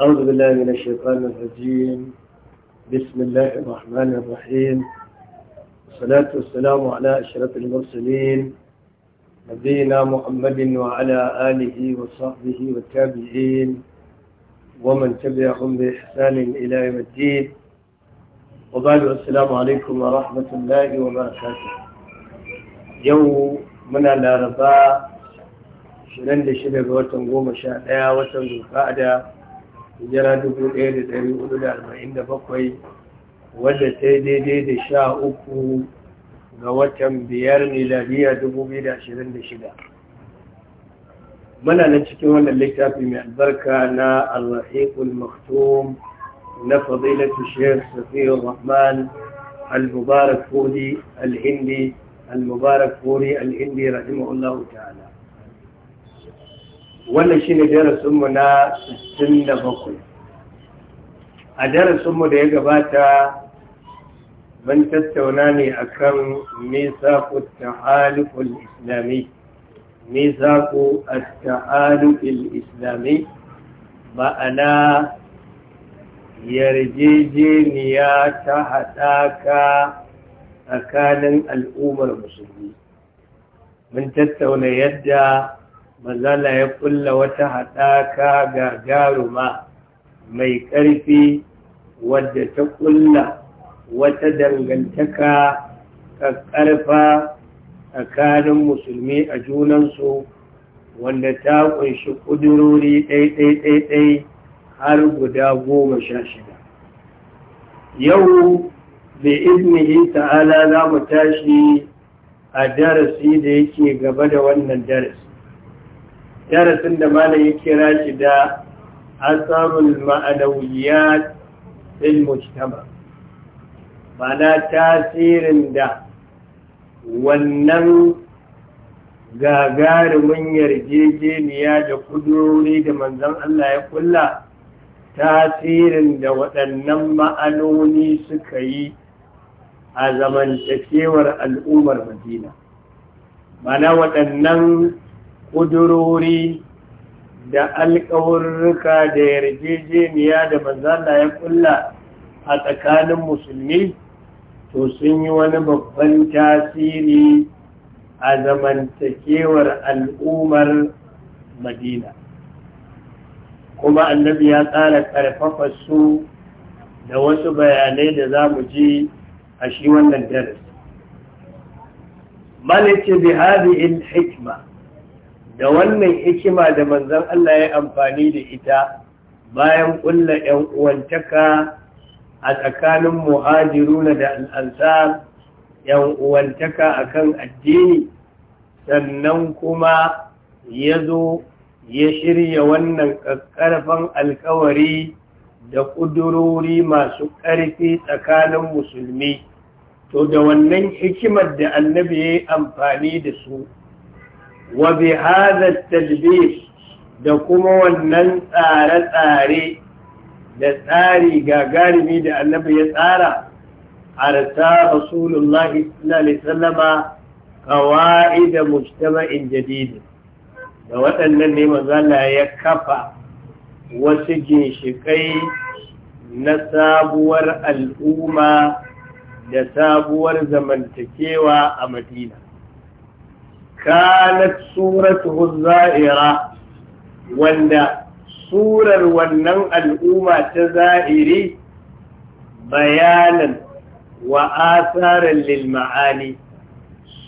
أعوذ بالله من الشيطان الرجيم بسم الله الرحمن الرحيم والصلاة والسلام على أشرف المرسلين نبينا محمد وعلى آله وصحبه والتابعين ومن تبعهم بإحسان إلى يوم الدين وبعد السلام عليكم ورحمة الله وبركاته يوم من الأربعاء shirin da shida ga watan goma sha ɗaya watan zulfa'ada hijira dubu ɗaya da ɗari hudu da arba'in da bakwai wadda ta yi daidai da sha uku ga watan biyar miladiya dubu biyu da ashirin da shida muna nan cikin wannan littafi mai albarka na al-rahiqul maktum na fadilatu shekh safiyar rahman al-mubarak furi al-hindi al-mubarak furi al-hindi rahimahullahu ta'ala wannan shi ne darasinmu na bakwai? a darasinmu da ya gabata ban tattauna ne a kan mesaku ta'alifin islami mesaku a ta'alifin islami ma'ana yarjejeniya ta haɗaka tsakanin al'ummar musulmi mun tattauna yadda mazala ya kulla wata haɗaka gagaruma mai ƙarfi wadda ta kulla wata dangantaka ƙarfa tsakanin musulmi a junansu wanda ta ƙunshi ƙudurori ɗai-ɗai-ɗai har guda goma sha shida yau da iznihi ta'ala za mu tashi a darasi da yake gaba da wannan darasi darasin da malam ya kira shi da asarul ma'anawiyat fil mujtama mana tasirin da wannan gagarumin yarjejeniya da kudurori da manzon Allah ya kula, tasirin da waɗannan ma'anoni suka yi a zamantakewar al'ummar madina mana waɗannan ƙudurori da alƙawurruka da yarjejeniya da manzana ya ƙulla a tsakanin musulmi to sun yi wani babban tasiri a zamantakewar al'ummar madina kuma annabi ya tsara ƙarfafa su da wasu bayanai da za mu ji a shi wannan darasi malice bi hadhihi hikma da wannan hikima da manzon Allah ya amfani da ita bayan ƙulla ‘yan uwantaka a tsakanin muhajiruna da al'ansar ‘yan uwantaka a kan addini sannan kuma ya zo ya shirya wannan ƙarfan alkawari da ƙudurori masu ƙarfi tsakanin musulmi to da wannan hikimar da annabi ya yi amfani da su wa bi hadha talbis da kuma wannan tsare-tsare da tsari gagarumi da annabi ya tsara arta rasulullahi sallallahu alaihi wasallama qawaida mujtama'in jadid da waɗannan ne mazala ya kafa wasu ginshikai na sabuwar al'umma da sabuwar zamantakewa a madina kanat suratuhu za'ira wanda surar wannan al'umma ta za'iri bayanan wa asaran lil ma'ani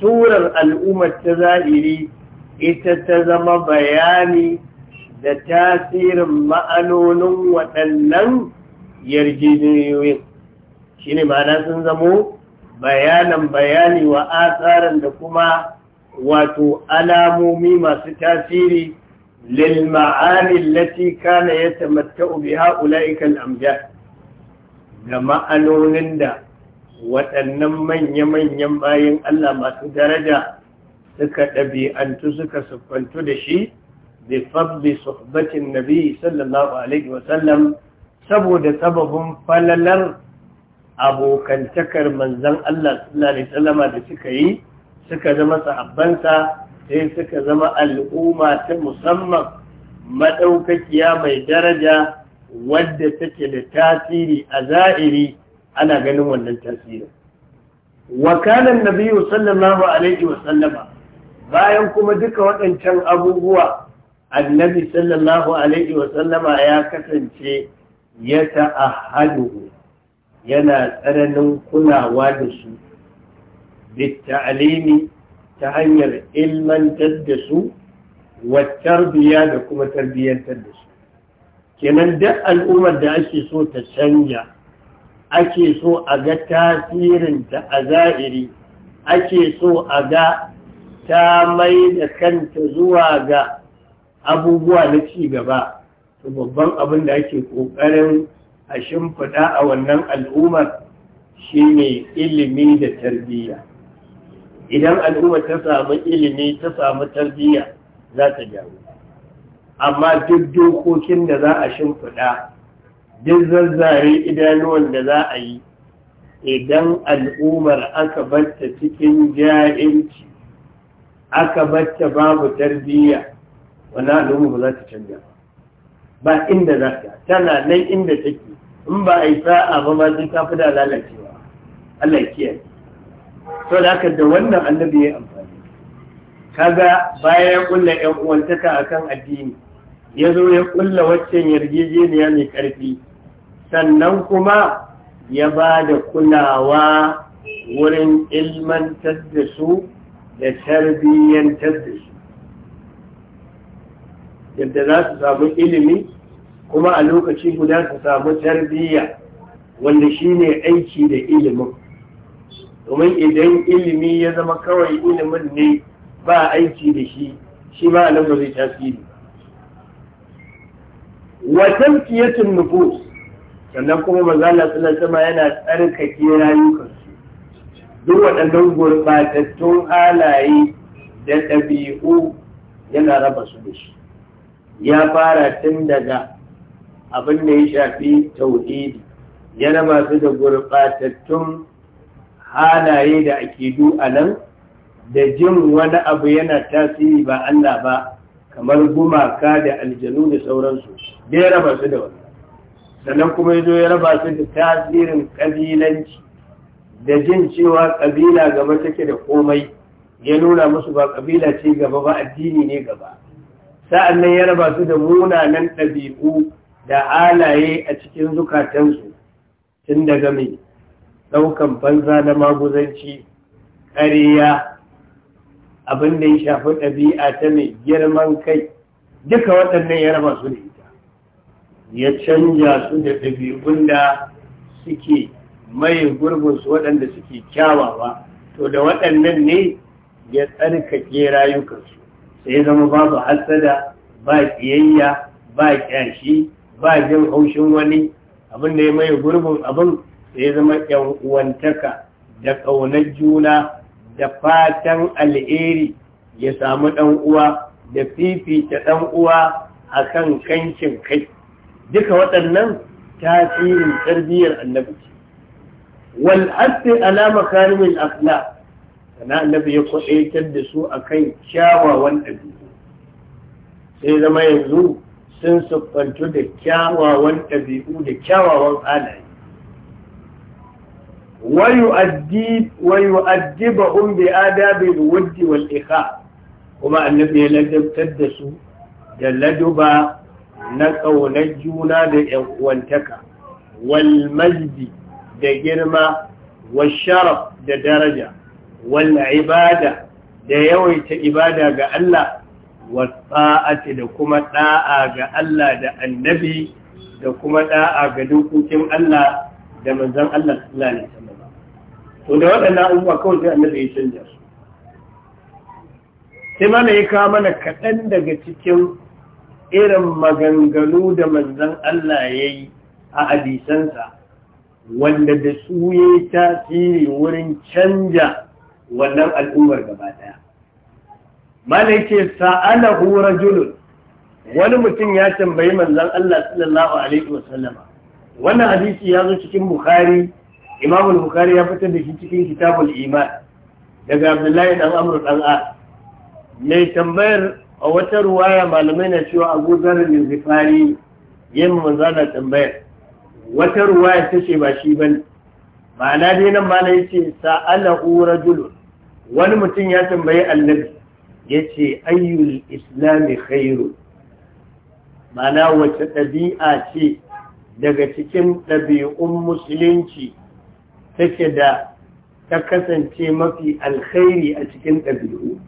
surar al'ummar ta za'iri ita ta zama bayani da tasirin ma'anonin waɗannan yarjejeniyoyin shine ne sun zamo bayanan bayani wa asaran da kuma wato alamomi masu tasiri lil ma'ani allati kana yatamatta'u biha ulaika al-amjad da ma'anonin da waɗannan manya-manyan bayan Allah masu daraja suka ɗabi'antu suka sufantu da shi da fadli suhbatin nabi sallallahu alaihi wasallam saboda sababin falalar abokantakar manzan Allah sallallahu alaihi wasallama da suka yi suka zama sahabbansa sai suka zama al'umma ta musamman maɗaukakiya mai daraja wadda take da tasiri a za'iri ana ganin wannan tasirin wakanan nabiyu sallallahu alaihi wasallama bayan kuma duka waɗancan abubuwa annabi sallallahu alaihi wasallama ya kasance ya ahadu yana tsananin kunawa da su bittalimi ta hanyar ilmantar da su wa tarbiya da kuma tarbiyyantar da su kenan duk al'ummar da ake so ta canja ake so a ga tasirinta a za'iri ake so a ga ta mai da kanta zuwa ga abubuwa na cigaba, to babban abin da ake ƙoƙarin a shimfiɗa a wannan al'ummar shine ilimi da tarbiyya idan al'umma ta samu ilimi ta samu tarbiyya za ta jawo, amma duk dokokin da za a shimfiɗa duk zazzare idanuwan da za a yi idan al'ummar aka batta cikin ja'inci aka batta babu tarbiyya wani al'umma ba za ta canja ba inda za ta tana nan inda take in ba a yi sa'a ba ma sai ta fi da lalacewa Allah kiyaye to da haka da wannan annabi ya amfani kaga bayan ya kulla yan uwantaka a kan addini ya zo ya kulla waccan yarjejeniya mai karfi sannan kuma ya ba da kulawa wurin ilmantar da su da tarbiyyantar da su yadda za su samu ilimi kuma a lokaci guda su samu tarbiyya wanda shine aiki da ilimin domin idan ilimi ya zama kawai ilimin ne ba aiki da shi shi ma nan zai tasiri Watan tazkiyatun nufus sannan kuma manzo Allah sallallahu sama, yana tsarkake rayukan su duk waɗannan gurɓatattun halaye da ɗabi'u yana raba su da shi ya fara tun daga abin da ya shafi tauhidi ya raba su da gurɓatattun. halaye da akidu a nan da jin wani abu yana tasiri ba Allah ba kamar gumaka da aljanu da sauransu da ya raba su da wani sannan kuma ya zo ya raba su da tasirin ƙabilanci da jin cewa ƙabila gaba take da komai ya nuna musu ba ƙabila ce gaba ba addini ne gaba sa'an nan ya raba su da munanan ɗabi'u da halaye a cikin zukatansu tun daga mai ɗaukan banza na maguzanci ƙariya abin da ya shafi ɗabi'a ta mai girman kai duka waɗannan ya raba su da ita ya canja su da ɗabi'un da suke mai gurbinsu waɗanda suke kyawawa to da waɗannan ne ya tsarkake rayukansu sai zama babu hassada ba ƙiyayya ba ƙyashi ba jin haushin wani abin da ya mai gurbin abin Sai zama yan uwantaka da ƙaunar juna da fatan alheri ya samu ɗan uwa da fifita ɗan uwa a kan kancin kai duka waɗannan tasirin tarbiyyar annabi ce wal asli ala makarimin akhlaq sana annabi ya kwaɗaitar da su a kan kyawawan ɗabi'u sai zama yanzu sun siffantu da kyawawan ɗabi'u da kyawawan halaye ويؤدبهم بآداب الود والإخاء وما النبي لدبتد سو دلدبا نقو نجونا وانتكا والمجد دجرما والشرف ددرجة والعبادة ديويت إبادة قال والطاعة دكما طاعة قال النبي دكما طاعة قدوكم الله da manzan Allah sallallahu to da waɗannan abubuwa kawai sai annabi ya canja su sai mana ya kawo mana kaɗan daga cikin irin maganganu da manzan Allah ya yi a hadisansa wanda da su ya yi tasiri wurin canja wannan al'ummar gaba ɗaya mana yake hura rajulun wani mutum ya tambayi manzan Allah sallallahu alaihi wasallama wannan hadisi ya zo cikin bukhari imam bukhari ya fitar da shi cikin kitabul iman daga abdullahi dan amr dan a mai tambayar a wata ruwaya malamai na cewa abu zarar zifari yin manzana tambayar wata ruwaya ta ce ba shi bane ma'ana dai nan ma ya ce sa'alahu rajulun wani mutum ya tambayi annabi yace ayyul islami khairu ma'ana wace ɗabi'a ce daga cikin ɗabi'un musulunci take da ta kasance mafi alkhairi a cikin ɗabi'u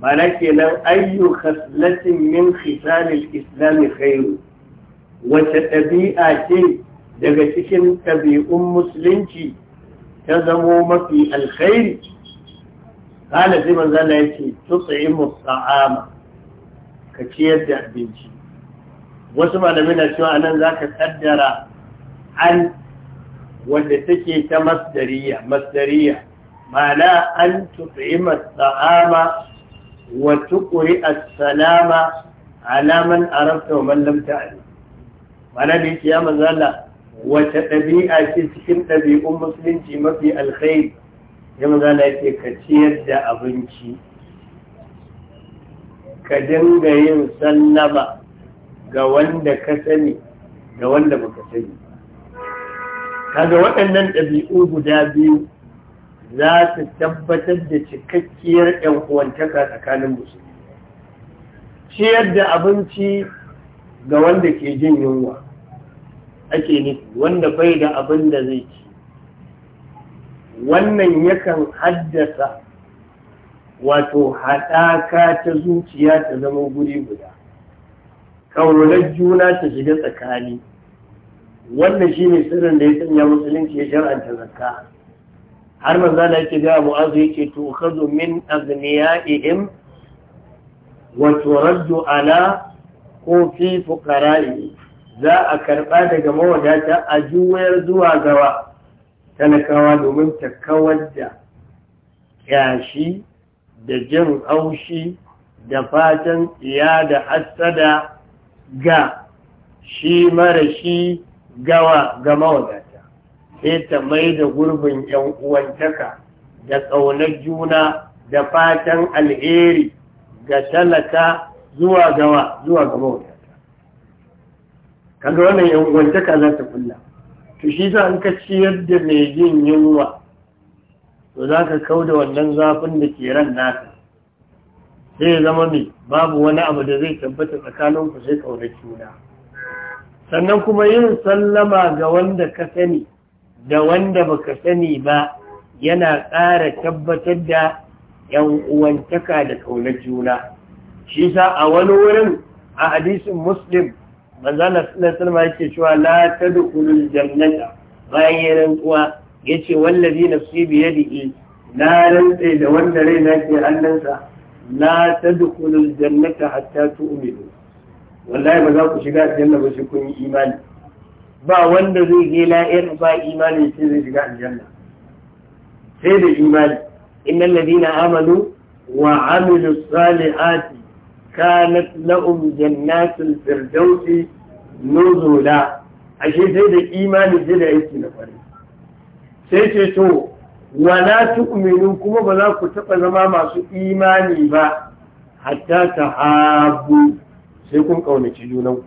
mana kenan ayyu khaslatin min khisalil islami khairu wace ɗabi'a ce daga cikin ɗabi'un musulunci ta zamo mafi alkhairi kana sai manzana yake tutsi musta'ama ka ciyar da abinci wasu malamai na cewa nan za ka kaddara an wanda take ta masdariya masdariya ma'ana an tu'ima ta'ama wa tuƙuri as-salama ala man wa man lam ta'lam ma'ana da yake ya manzala wata ɗabi'a ce cikin ɗabi'un musulunci mafi alkhairi ya manzala yake ka ciyar da abinci ka dinga yin sallama ga wanda ka sani ga wanda baka sani kaga waɗannan ɗabi'u guda biyu za su tabbatar da cikakkiyar ‘yan uwantaka tsakanin musulmi ciyar da abinci ga wanda ke jin yunwa ake nufi wanda bai da abin da zai ci wannan yakan haddasa wato haɗaka ta zuciya ta zama guri guda ƙaunar juna ta shiga tsakani wannan shi ne sirrin da ya sanya musulunci ya shar'anta zakka har maza da yake ga mu'azu ce to kazo min ihim wa turaddu ala ko fi fuqara'i za a karɓa daga mawadata a juwayar zuwa gawa talakawa domin ta kawar da kyashi da jin aushi da fatan iya da hassada ga shi mara shi gawa ga mawadata sai ta mai da gurbin yan uwantaka da ƙaunar juna da fatan alheri ga talaka zuwa gawa zuwa ga mawadata kaga wannan yan uwantaka za ta kulla to shi za an ka ciyar da mai jin yunwa to za ka kau da wannan zafin da ke ran naka zai zama mai babu wani abu da zai tabbata tsakanin ku sai kauna juna sannan kuma yin sallama ga wanda ka sani da wanda baka sani ba yana ƙara tabbatar da yan uwantaka da kauna juna shi sa a wani wurin a hadisin muslim manzana sallallahu yake cewa la tadkhulul jannata bayan ya rantsuwa yace wallazi nafsi bi yadihi na rantsai da wanda rai na ke hannunsa la tadkhulul jannata hatta tu'minu wallahi ba za ku shiga aljanna ba shi kun yi imani ba wanda zai je la'ir ba imani sai zai shiga aljanna sai da imani innal ladina amanu wa amilus salihati kanat lahum jannatul firdausi nuzula ashe sai da imani sai da aiki na kwarai sai wala tu'minu kuma ba za ku taɓa zama masu imani ba hatta ta habu sai kun ƙaunaci junanku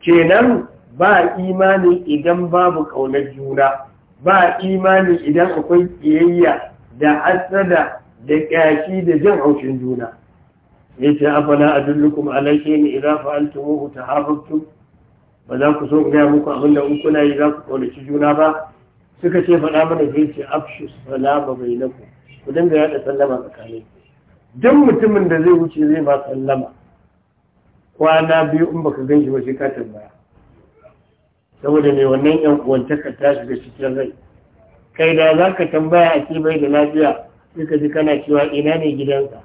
kenan ba imani idan babu ƙaunar juna ba imani idan akwai ƙiyayya da asada da ƙyashi da jin haushin juna ya ce afala a dullukum alaƙe ne idan fa'altu ta ba za ku so gaya muku abinda da kuna yi za ku ƙaunaci juna ba suka ce faɗa mana zai ce afshu salama bai na ku dinga yaɗa sallama tsakanin duk mutumin da zai wuce zai ba sallama kwana biyu in baka gan shi ba shi ka tambaya saboda mai wannan yan uwantaka ta shiga cikin rai kai da za ka tambaya a bai da lafiya suka ji kana cewa ina ne gidansa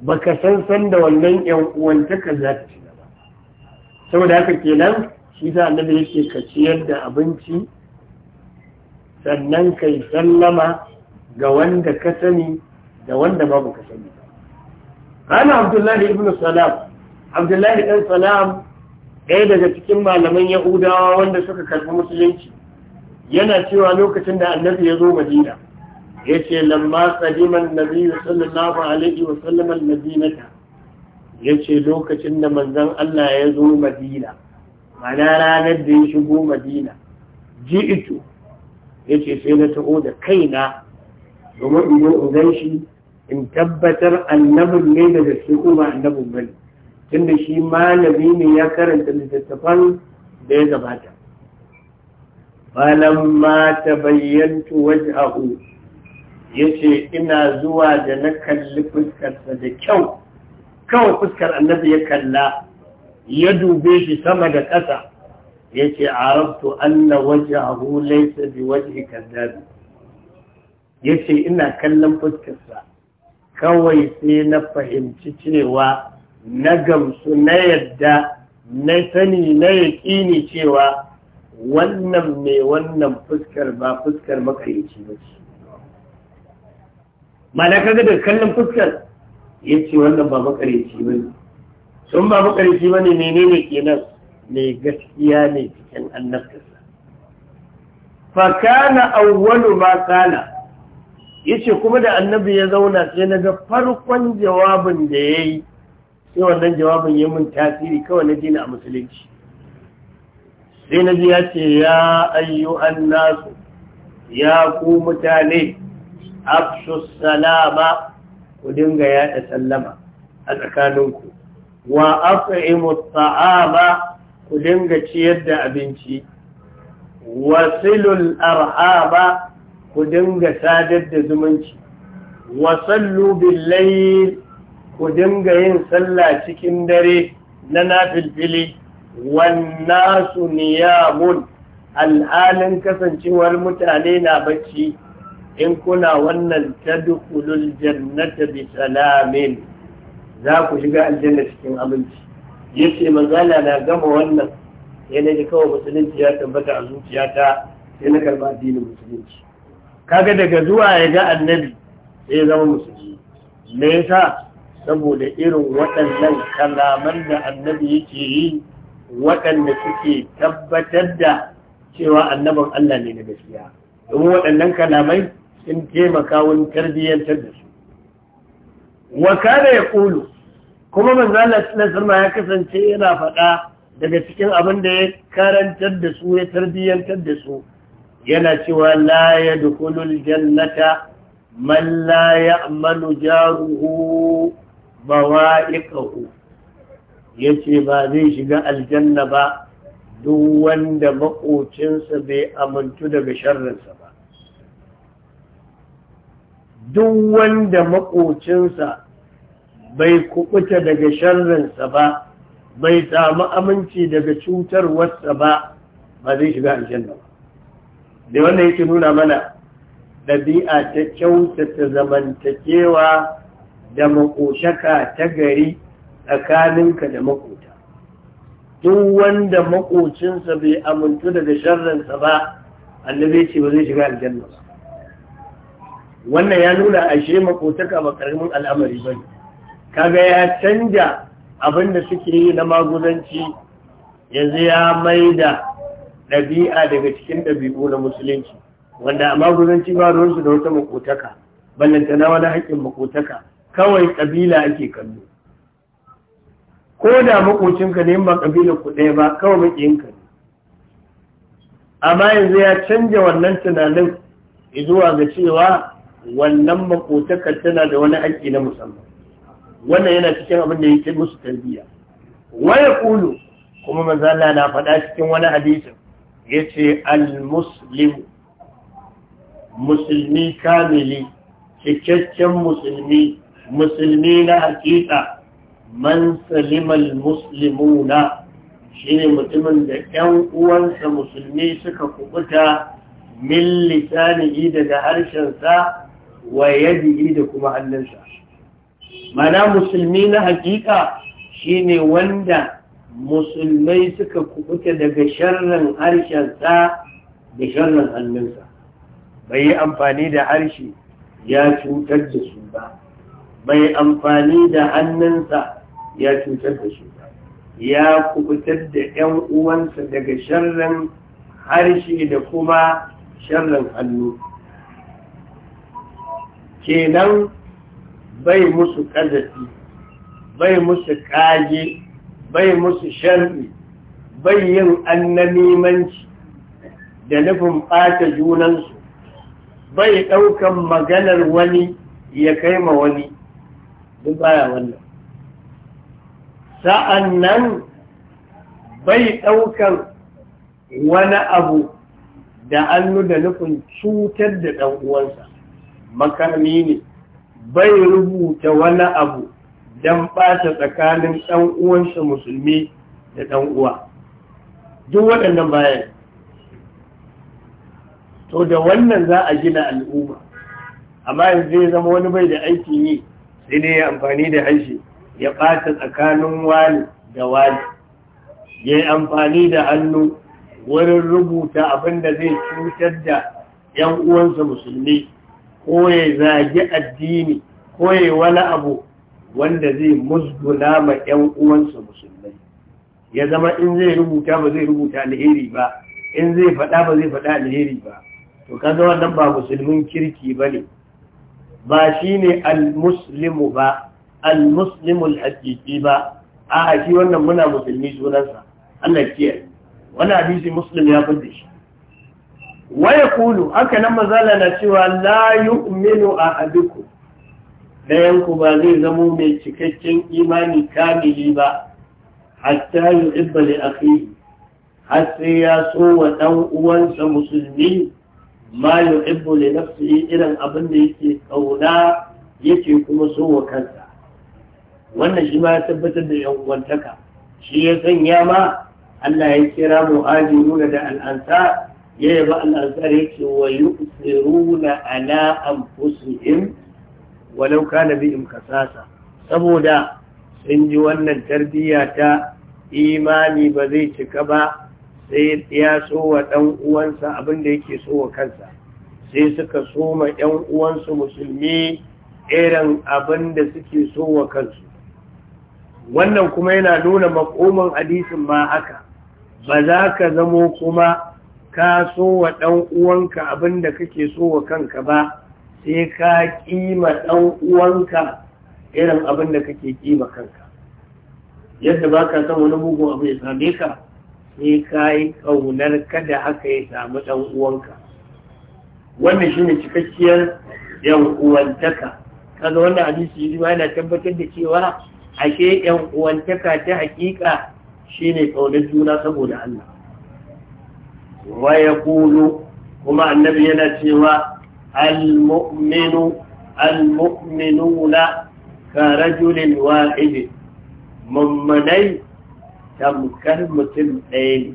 baka san san da wannan yan uwantaka za ta shiga ba saboda haka kenan shi za nan da yake ka ciyar da abinci sannan kai sallama ga wanda ka sani da wanda babu ka sani ana abdullahi ibn salam abdullahi Ɗan salam ɗaya daga cikin malaman yahudawa wanda suka karɓi musulunci yana cewa lokacin da annabi ya zo madina ya ce lamma sadiman nabi sallallahu alaihi wa sallam al-madinata ya ce lokacin da manzon Allah ya zo madina mana ranar da ya shigo madina ji'itu yace sai na taho da kaina domin in zo in shi in tabbatar annabin ne da gaske ko annabin bane tunda shi malami ne ya karanta littattafan da ya gabata falamma tabayyantu Ya yace ina zuwa da na kalli fuskarsa da kyau kawai fuskar annabi ya kalla ya dube shi sama da ƙasa yace arabtu anna wajhahu laysa biwajhi kadhab yace ina kallon fuskarsa kawai sai na fahimci cewa na gamsu na yadda na sani na yakini cewa wannan mai wannan fuskar ba fuskar makayici ba ce mana kaga da kallon fuskar yace wannan ba makayici ba ne sun ba makayici ba ne menene kenan mai gaskiya ne cikin annabtarsa fakana awwalu ma kana yace kuma da annabi ya zauna sai na ga farkon jawabin da ya yi sai wannan jawabin ya mun tasiri kawai na dina a musulunci sai na ji ya ce ya ayyuhan nasu ya ku mutane afshu salama ku dinga yaɗa sallama a tsakaninku wa afi'imu ta'ama ku dinga ciyar da abinci wasilul arhaba ku dinga sadar da zumunci wasallu billayl ku dinga yin sallah cikin dare na nafilfili wannasu niyamun alhalin kasancewar mutane na bacci in kuna wannan tadkhulul jannata bi salamin za ku shiga aljanna cikin abinci. yace manzala na gama wannan sai na kawai musulunci ya tabbata a zuciyata sai na karba addinin musulunci kaga daga zuwa ya ga annabi sai ya zama musulmi me yasa saboda irin waɗannan kalaman da annabi yake yi waɗanda suke tabbatar da cewa annaban Allah ne na gaskiya domin waɗannan kalamai sun taimaka wani tarbiyyantar da su wa kada ya ƙulu kuma manzo Allah sallallahu ya kasance yana faɗa daga cikin abin da ya karantar da su ya tarbiyyantar da su yana cewa la yadkhulul jannata man la ya'malu jaruhu bawa'iqahu yace ba zai shiga aljanna ba duk wanda makocinsa bai amintu daga sharrinsa ba duk wanda makocinsa bai kubuta daga sharrinsa ba bai samu aminci daga cutarwarsa ba ba zai shiga aljanna ba da wannan yake nuna mana ɗabi'a ta kyautata zamantakewa da makoshaka ta gari tsakaninka da makota duk wanda makocinsa bai amintu daga sharrinsa ba annabi ce ba zai shiga aljanna ba wannan ya nuna ashe makotaka ba karamin al'amari ba ne kaga ya canja abin da suke yi na maguzanci yanzu ya maida ɗabi'a daga cikin ɗabi'u na musulunci wanda a maguzanci ba su da wata makotaka ballanta na wani haƙƙin makotaka kawai ƙabila ake kallo ko da makocinka ne ba ƙabila ku ɗaya ba kawai maƙiyinka ne amma yanzu ya canja wannan tunanin zuwa ga cewa wannan makotakar tana da wani haƙƙi na musamman wannan yana cikin abin da yake musu tarbiyya waya kulu kuma manzo na faɗa cikin wani hadisin yace al muslim musulmi kamili cikakken musulmi musulmi na hakika man salimal muslimuna shine mutumin da 'yan uwansa musulmi suka kubuta min lisanihi daga harshensa wa yadihi da kuma hannunsa mana musulmi na hakika ne wanda musulmai suka kubuta daga sharrin harshensa da sharrin hannunsa bai yi amfani da harshe ya cutar da su ba bai amfani da hannunsa ya cutar da su ba ya kubutar da 'yan uwansa daga sharrin harshe da kuma sharrin hannu kenan bai musu ƙazafi bai musu ƙage bai musu sharri bai yin annamimanci da nufin ɓata junansu bai ɗaukan maganar wani ya kai ma wani duk baya wannan sa'an nan bai ɗaukan wani abu da annu da nufin cutar da ɗan'uwansa makami ne bai rubuta wani abu don ɓata tsakanin ɗan uwansa musulmi da ɗan uwa duk waɗannan bayan to da wannan za a gina al'umma amma yanzu zai zama wani bai da aikin yi sai ne ya amfani da harshe ya ɓata tsakanin wani da wani ya yi amfani da hannu wurin rubuta abin da zai cutar da 'yan uwansa musulmi ko ya zagi addini ko ya wani abu wanda zai musguna ma 'yan uwansa musulmai ya zama in zai rubuta ba zai rubuta alheri ba in zai faɗa ba zai faɗa alheri ba to kaga wanan ba musulmin kirki ba ne ba shi ne almuslimu ba almuslimu alhaƙiƙi ba a shi wannan muna musulmi sunansa Allah ke wani abisi muslim ya fi da shi waya kulu haka nan mazala na cewa la yu'minu ahadukum dayan ku ba zai zamo mai cikakken imani kamili ba hatta yu'ibba li akhihi har sai ya so wa dan uwansa musulmi ma yu'ibbu li nafsihi irin abin da yake kauna yake kuma so wa kansa wannan shi ma ya tabbatar da yan uwantaka shi ya sanya ma Allah ya kira muhajiruna da al'ansa. ya ba al'azari yake wa yi tsiruna ala anfusihim walau kana biyun kasasa saboda sun ji wannan tarbiyya ta imani ba zai cika ba sai ya so wa ɗan uwansa abin da yake so wa kansa sai suka so ma yan uwansu musulmi irin abin da suke so wa kansu wannan kuma yana nuna makoman hadisin ma haka ba za ka zamo kuma ka so wa ɗan uwanka abin da kake so wa kanka ba sai ka kima ɗan uwanka irin abin da kake kima kanka yadda ba ka san wani mugun abu ya same ka sai ka yi ƙaunar kada haka ya samu ɗan uwanka wannan shine cikakkiyar yan uwantaka kaga wannan hadisi shi ma yana tabbatar da cewa ashe yan uwantaka ta hakika shine ƙaunar juna saboda Allah wa yaqulu kuma annabi yana cewa al-mu'minu al-mu'minuna ka rajulin tamkar mutum ɗaya ne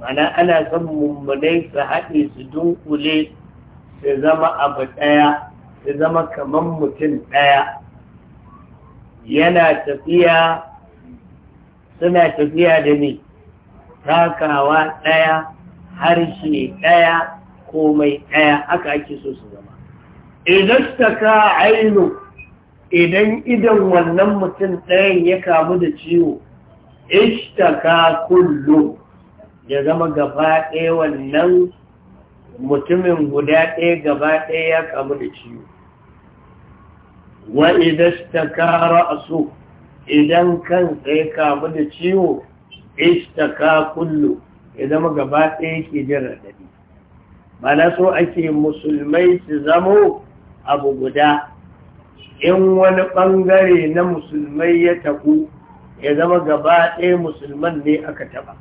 mana ana son mummunai su haɗe su dunkule su zama abu ɗaya su zama kamar mutum ɗaya yana tafiya suna tafiya da ni takawa ɗaya harshe ɗaya ko mai ɗaya aka ake so su zama idan ta ka ainu idan idan wannan mutum ɗayan ya kamu da ciwo ishtaka kullum ya zama gaba ɗaya wannan mutumin guda ɗaya gaba ɗaya ya kamu da ciwo wa idan ta ka ra'asu idan kan ya kamu da ciwo ishtaka kullu ya zama gaba ɗaya ke jin raɗaɗi mana so ake musulmai su zamo abu guda in wani ɓangare na musulmai ya taku ya zama gaba ɗaya musulman ne aka taɓa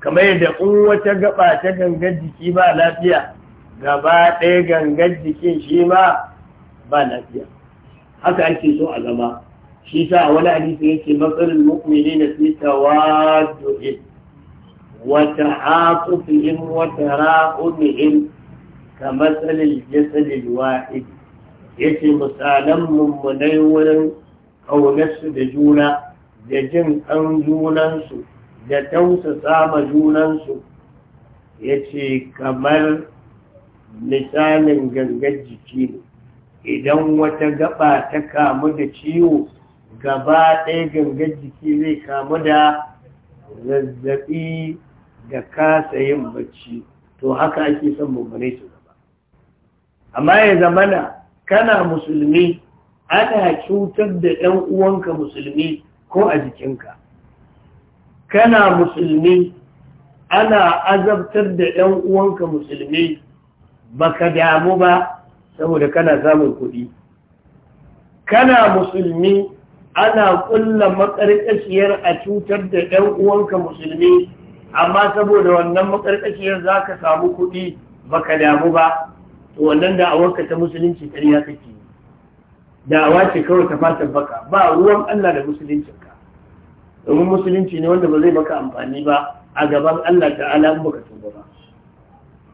kamar yadda in wata gaba ta gangar jiki ba lafiya gaba ɗaya gangar jikin shi ma ba lafiya haka ake so a zama shi a wani hadisi yake matsalin mu'mini na wata tawadu'in wa wata wa tara'umihim ka matsalin jasadin wa'id yace misalan mummunai wurin kaunarsu da juna da jin ƙan junansu da tausasa ma junansu yace kamar misalin gangar jiki ne idan wata gaba ta kamu da ciwo gaba ɗaya gangar jiki zai kamu da zazzaɓi da kasa yin bacci to haka ake son bambane su gaba. amma ya zamana kana musulmi ana cutar da ɗan uwanka musulmi ko a jikinka kana musulmi ana azabtar da ɗan uwanka musulmi baka damu ba saboda kana samun kuɗi kana musulmi ana kulla makarƙashiyar a cutar da ɗan uwanka musulmi amma saboda wannan makarƙashiyar za ka samu kuɗi baka damu ba to wannan da awarka ta musulunci ƙarya da awa ce kawai ta fata baka ba ruwan Allah da ka. domin musulunci ne wanda ba zai maka amfani ba a gaban Allah ta'ala in baka tuba ba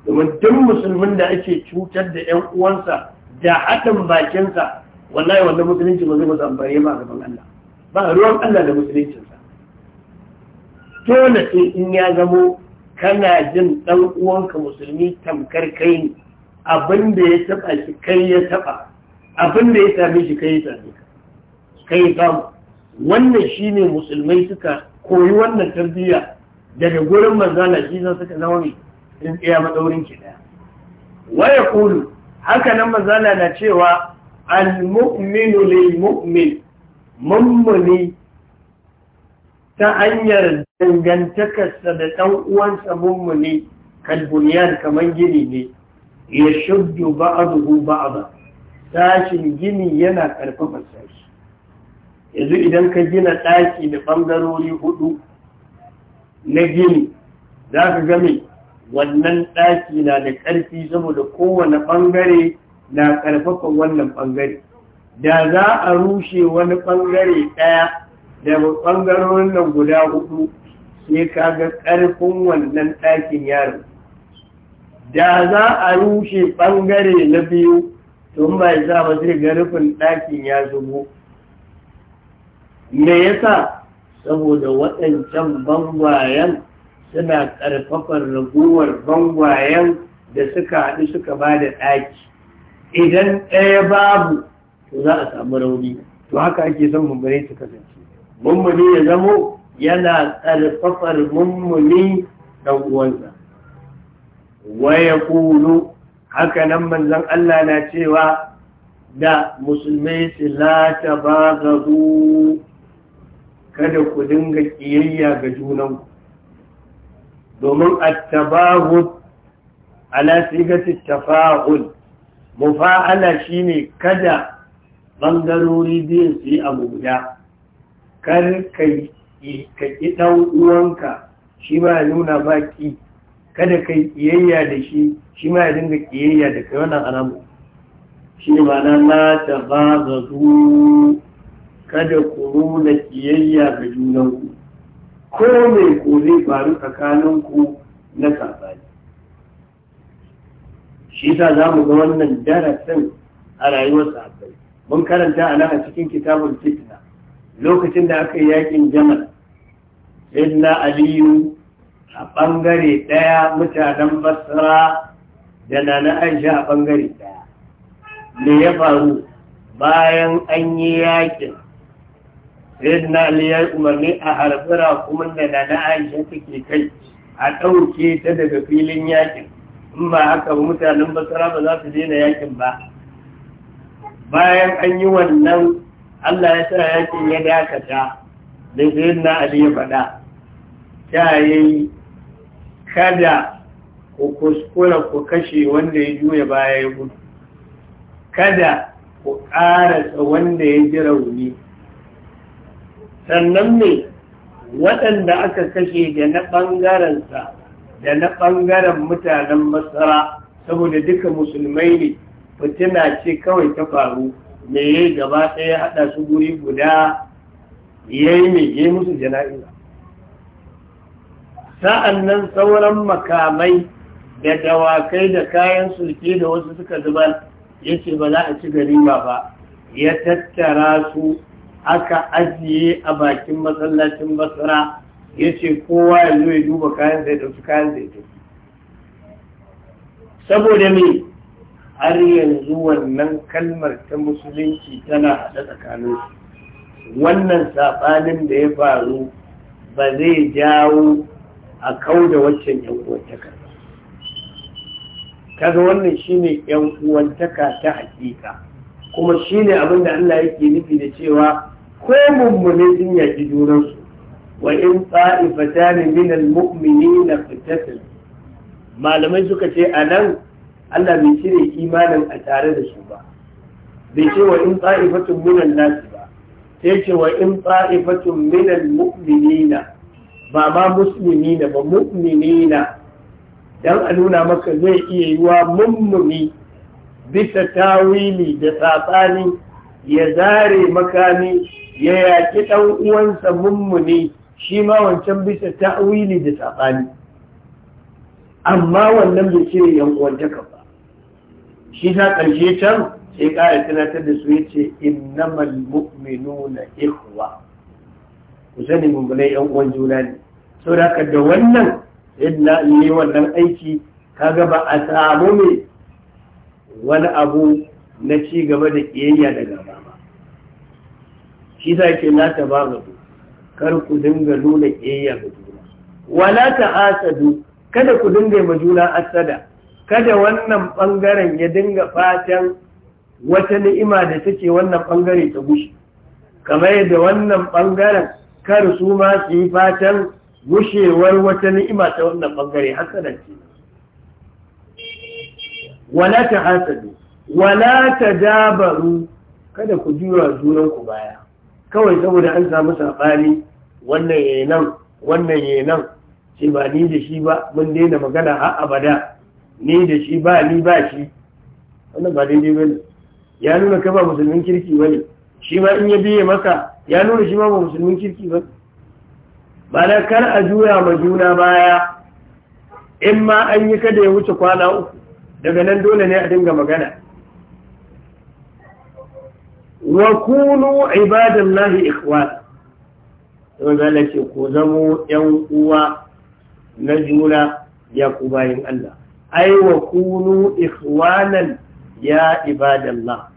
domin duk musulmin da ake cutar da 'yan uwansa da haɗin bakinsa wallahi wanda musulunci ba zai masu amfani ba a gaban Allah ba ruwan Allah da musuluncinsa dole sai in ya zamo kana jin ɗan uwanka musulmi tamkar kai ne abin ya taɓa shi kai ya taɓa abin ya same shi kai ya same ka kai ba wannan shine musulmai suka koyi wannan tarbiyya daga gurin manzana shi zan suka zama mai in tsaya ki ɗaya waya kulu haka nan manzana na cewa al-mu'minu lil mu'min ta hanyar dangantakarsa da ɗan uwansa kan kalbuniyar kamar gini ne ya shuddu ba'aduhu ba'ada sashin gini yana karfafa sashi yanzu idan ka gina ɗaki da ɓangarori hudu na gini za ka game wannan ɗaki na da ƙarfi saboda kowane ɓangare na ƙarfafa wannan ɓangare da za a rushe wani ɓangare ɗaya daga ɓangarorin nan guda hudu sai ka ga ƙarfin wannan ɗakin yaro da za a rushe ɓangare na biyu tun bai za ba zai ga rufin ɗakin ya zubo me yasa saboda waɗancan bangwayen suna ƙarfafar raguwar bangwayen da suka haɗu suka ba da ɗaki idan ɗaya babu to za a samu rauni to haka ake son mummuni su kasance mummuni ya zamo yana ƙarfafar mummuni ɗan uwansa waya kulu haka nan manzon Allah na cewa da musulmai su lata ba kada ku dinga ƙiyayya ga junanku domin attabahu ala sigati tafa'ul mufa'ala shine kada bangarori biyu su yi abu guda kar ka ƙi ɗan uwanka shi ma ya nuna baki kada ka iyayya da shi shi ma ya dinga kiyayya da kai wannan alamu shi ne na ta ba kada ku nuna kiyayya ga junanku ko mai ko zai faru tsakaninku na saɓani shi sa za mu ga wannan darasin a rayuwar sahabbai mun karanta a nan a cikin kitabun fitna lokacin da aka yi yakin jamal sayyidina aliyu a bangare daya mutanen basra da nana aisha a bangare daya me ya faru bayan an yi yakin sayyidina aliyu ya umarni a harbura kuma da na aisha take kai a ɗauke ta daga filin yakin in ba haka ba mutanen basara ba za su daina yakin ba bayan an yi wannan allah ya sa yakin ya dakata da zirin na ali ya faɗa ta yi kada ku kuskura ku kashe wanda ya juya baya ya gudu kada ku ƙarasa wanda ya ji rauni sannan ne waɗanda aka kashe da na ɓangarensa da na ɓangaren mutanen masara saboda duka musulmai ne fitina ce kawai ta faru me ya gaba ɗaya haɗa su guri guda ya yi mai musu jana'iza sa'an nan sauran makamai da dawakai da kayan sulke da wasu suka zubar ya ce ba za a ci ganima ba ya tattara su aka ajiye a bakin masallacin basra ya ce kowa ya zo ya duba kayan sai ɗauki kayan sai tafi saboda me har yanzu wannan kalmar ta musulunci tana haɗa tsakanin wannan saɓanin da ya faru ba zai jawo a kau da waccan yankuwantaka kaga wannan shine yankuwantaka ta hakika kuma shine abin da Allah yake nufi da cewa ko mummune sun yaƙi junansu وإن طائفتان من المؤمنين اقتتلوا malamai suka ce a nan Allah bai cire imanin a tare da su ba bai ce wa in ta'ifatun minan nasi ba sai ce wa in ta'ifatun minal mu'minina ba ma muslimina ba mu'minina dan a nuna maka zai iya yiwa mummuni bisa tawili da tsatsani ya zare makami ya yaƙi ɗan uwansa mummuni shi ma wancan bisa ta'wili da saɓani amma wannan bai cire yan uwantaka ba shi ta ƙarshe can sai ƙara tunatar da su yace innamal mu'minuna ikhwa ku sani mummunai yan uwan juna ne saboda haka da wannan yadda ne wannan aiki kaga ba a samu ne wani abu na ci gaba da kiyayya da gaba ba shi ta ke na ta ba kar ku dinga nuna ƙiyayya ga juna wala ta'asadu kada ku dinga ma juna asada kada wannan bangaren ya dinga fatan wata ni'ima da take wannan bangare ta gushi kamar yadda wannan bangaren kar su ma su yi fatan gushewar wata ni'ima ta wannan bangare hasada ce wala ta asadu, wala ta dabaru kada ku juya junanku baya kawai saboda an samu saɓani wannan ya nan wannan ya nan ce ba ni da shi ba mun daina magana har abada ni da shi ba ni ba shi wannan ba daidai ba ne ya nuna ka ba musulmin kirki ba ne shi ma in ya biye maka ya nuna shi ma ba musulmin kirki ba ba da kar a juya ma juna baya in ma an yi kada ya wuce kwana uku daga nan dole ne a dinga magana wa kunu ibadallahi ikhwan to zala ce ku zamo yan uwa na juna ya ku bayin Allah ai wa kunu ikhwanan ya ibadallah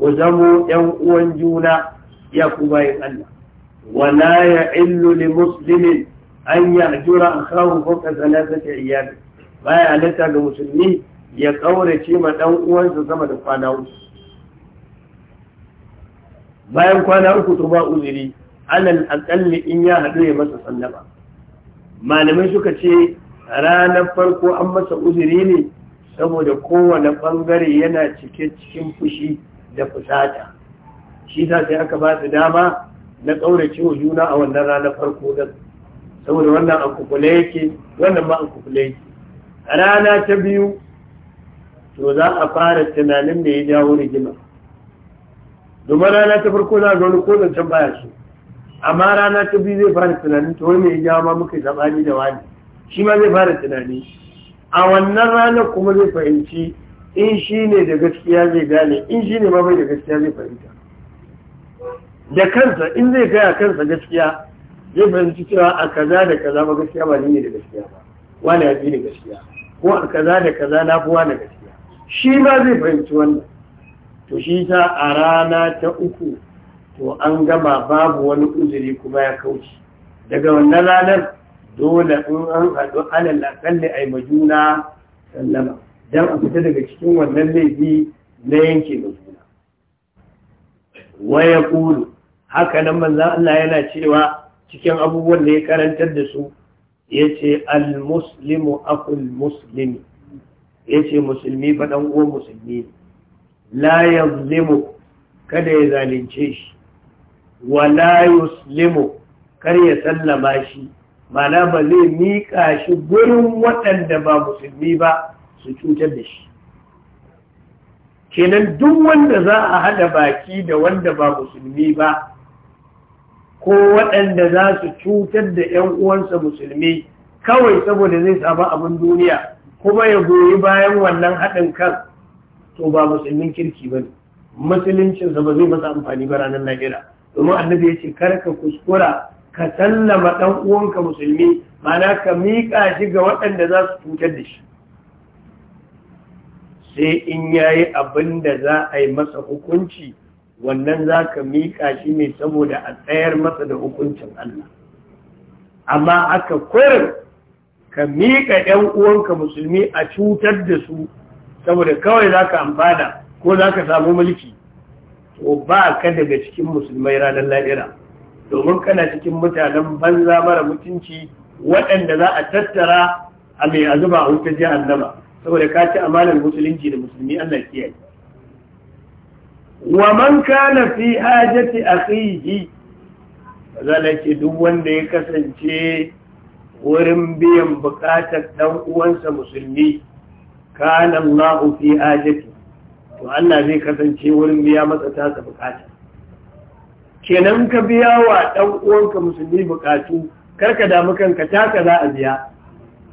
ku zamo yan uwan juna ya ku bayin Allah wala ya illu li muslimin an yahjura akhahu fawqa thalathati ayyam baya alata ga musulmi ya kaurace ma dan uwansa sama da kwana uku bayan kwana uku to ba uzuri alal aqalli in ya haɗu ya masa sallama malamai suka ce ranar farko an masa uzuri ne saboda kowane bangare yana cike cikin fushi da fusata shi ta sai aka ba su dama na tsaura ciwo juna a wannan ranar farko da saboda wannan an yake wannan ma an kukule yake rana ta biyu to za a fara tunanin da ya jawo rigima domin rana ta farko za ga wani ko zancen baya su amma rana ta biyu zai fara tunani ta wani ya jawo ma muka sabani da wani shi ma zai fara tunani a wannan ranar kuma zai fahimci in shi ne da gaskiya zai gane in shi ne ma bai da gaskiya zai fahimta da kansa in zai gaya kansa gaskiya zai fahimci cewa a kaza da kaza ba gaskiya ba ni ne da gaskiya ba wani ya fi da gaskiya ko a kaza da kaza na fi wani gaskiya shi ma zai fahimci wannan to shi ta a rana ta uku to an gama babu wani uzuri kuma ya kauce daga wannan ranar dole in an haɗu alal akalli a yi juna sallama don a fita daga cikin wannan laifi na yanke juna. waya kulu haka nan manzan Allah yana cewa cikin abubuwan da ya karantar da su ya ce al-muslimu akul muslimi ya ce musulmi faɗan uwan musulmi ne la yazlimu kada ya zalunce shi wa la yuslimu kar ya sallama shi mana ba zai miƙa shi gurin waɗanda ba musulmi ba su cutar da shi kenan duk wanda za a haɗa baki da wanda ba musulmi ba ko waɗanda za su cutar da 'yan uwansa musulmi kawai saboda zai samu abin duniya kuma ya goyi bayan wannan haɗin kan to ba musulmin kirki ba ne musuluncinsa ba zai masa amfani ba ranar lahira domin annabi ya ce kar ka kuskura ka sallama ɗan uwanka musulmi mana ka miƙa shi ga waɗanda za su cutar da shi sai in ya yi abin da za a yi masa hukunci wannan za ka miƙa shi ne saboda a tsayar masa da hukuncin Allah amma aka kurin ka miƙa ‘yan uwanka musulmi a cutar da su saboda kawai za ka amfana ko za ka samu mulki to ba ka daga cikin musulmai ranar la'ira domin kana cikin mutanen banza mara mutunci waɗanda za a tattara a mai azuba a wuta jihar nama saboda ka ci amalan musulunci da musulmi allah kiyaye wa man kana fi hajati akhihi zala ce duk wanda ya kasance wurin biyan bukatar ɗan uwansa musulmi kana Allah fi ajati to Allah zai kasance wurin biya masa tasa bukata kenan ka biya wa dan uwanka musulmi bukatu karka damu kanka taka za a biya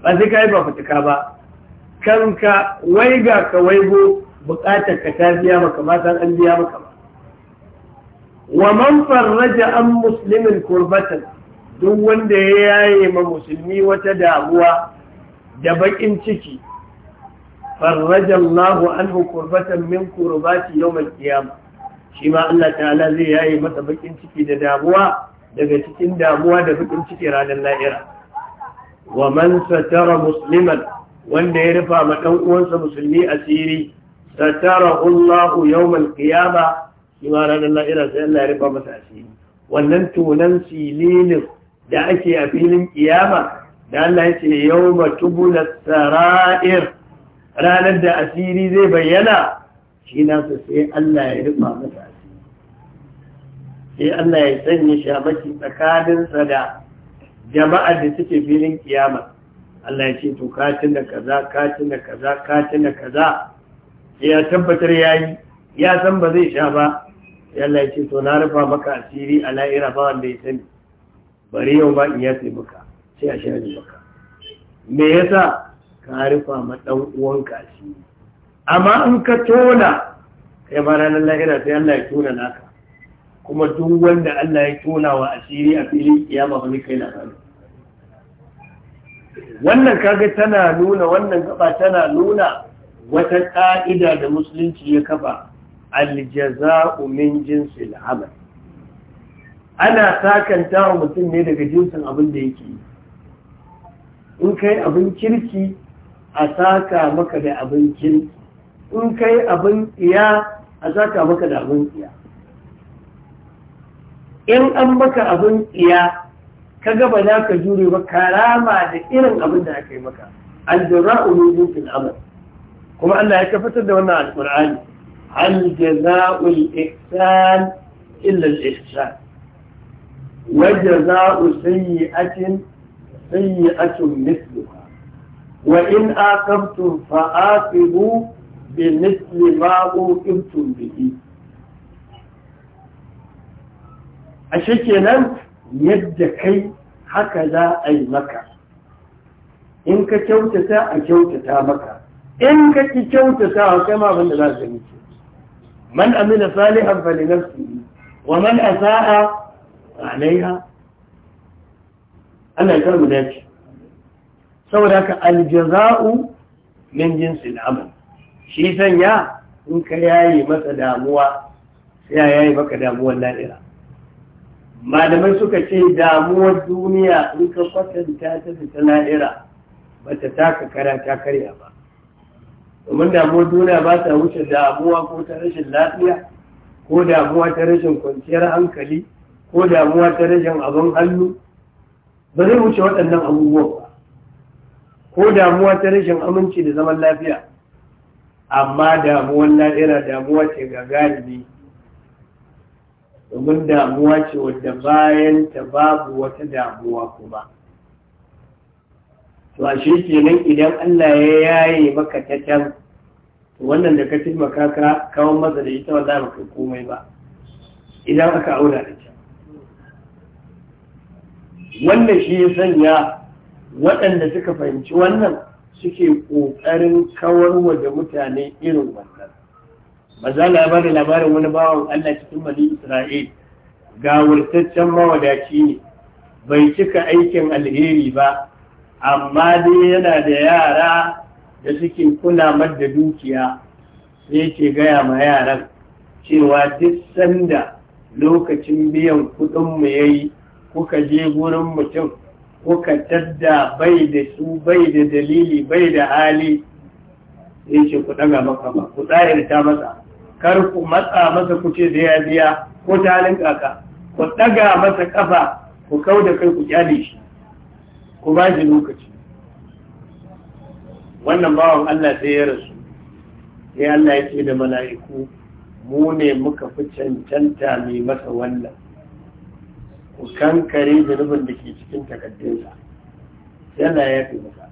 ba sai kai ba fituka ba kanka ga ka go bukatar ka ta biya maka ma san an biya maka wa man farraja an muslimin kurbatan duk wanda ya yaye ma musulmi wata damuwa da bakin ciki farraja Allahu anhu kurbatan min kurbati yawmal qiyamah shi ma Allah ta'ala zai yayi masa bakin ciki da damuwa daga cikin damuwa da bakin ciki ranar lahira wa satara musliman wanda ya rufa ma dan musulmi asiri satara Allahu yawmal qiyamah shi ma ranar lahira sai Allah ya asiri wannan tunan silinin da ake a filin kiyama da Allah ya ce yawma tubula sara'ir ranar da asiri zai bayyana shi nasa sai Allah ya rufa masa asiri sai Allah ya sanya shamaki tsakaninsa da jama'ar da suke filin kiyama Allah ya ce to katin da kaza katin da kaza katin da kaza sai ya tabbatar ya yi, ya san ba zai sha ba sai Allah ya ce to na rufa maka asiri a la'ira ba wanda ya sani bari yau ba in ya sai maka sai a sha maka me yasa ka rufa ma ɗan uwanka shi amma in ka tona kai ma ranar lahira sai Allah ya tona naka kuma duk wanda Allah ya tona wa asiri a filin kiyama ba kai labari wannan kaga tana nuna wannan gaba tana nuna wata ƙa'ida da musulunci ya kafa aljaza'u min jinsil amal ana sakanta mutum ne daga jinsin abin da yake in kai abin kirki a saka maka da abincin in kai abin iya a saka maka da abin iya in an maka abin iya ka gaba za ka jure ba karama da irin abin da aka yi maka aljura'u min jinsil amal kuma Allah ya kafatar da wannan alqur'ani hal jazaa'ul ihsan illa al ihsan wa jazaa'u sayyi'atin sayyi'atun mithluha وإن آكبتم فآكبوا بمثل ما أوكبتم به أشكنا يدكي هكذا أي مكة إن كتوتتا أكوتتا مكة إن كتوتتا كما من لازم من أمن صالحا فلنفسه ومن أساء عليها أنا كم ذلك saboda haka aljaza'u min jinsin amal shi sanya in ka yayi masa damuwa sai ya yayi maka damuwar lahira malamai suka ce damuwar duniya in ka kwatanta ta ta lahira ba ta taka kara ta karya ba domin damuwar duniya ba ta wuce damuwa ko ta rashin lafiya ko damuwa ta rashin kwanciyar hankali ko damuwa ta rashin abin hannu ba zai wuce waɗannan abubuwan ko damuwa ta rashin aminci da zaman lafiya amma damuwan ira damuwa ce ga galibi domin damuwa ce wadda bayan ta babu wata damuwa kuma to a shi kenan idan allah ya yaye maka ta can wannan da ka taimaka ka kawo masa da ita wanda baka komai ba idan aka auna da can wannan shi ya sanya waɗanda suka fahimci wannan suke ƙoƙarin kawar da mutane irin wannan Ba za labarin labarin wani bawan Allah cikin bani Isra'il ga wurtaccen mawadaci ne bai cika aikin alheri ba amma dai yana da yara da suke kula da dukiya sai ke gaya ma yaran cewa duk sanda lokacin biyan kuɗin mu yayi kuka je gurin mutum kuka tadda bai da su bai da dalili bai da hali ya ce ku ɗaga maka ba ku tsayarta masa kar ku matsa masa ku ce zai biya ko ta halin kaka ku ɗaga masa ƙafa ku kau da kai ku kyale shi ku ba shi lokaci wannan bawan Allah sai ya rasu sai Allah ya ce da mala'iku mu ne muka fi cancanta mai masa wannan ku kankare zunubin da ke cikin takaddunsa yana ya fi masa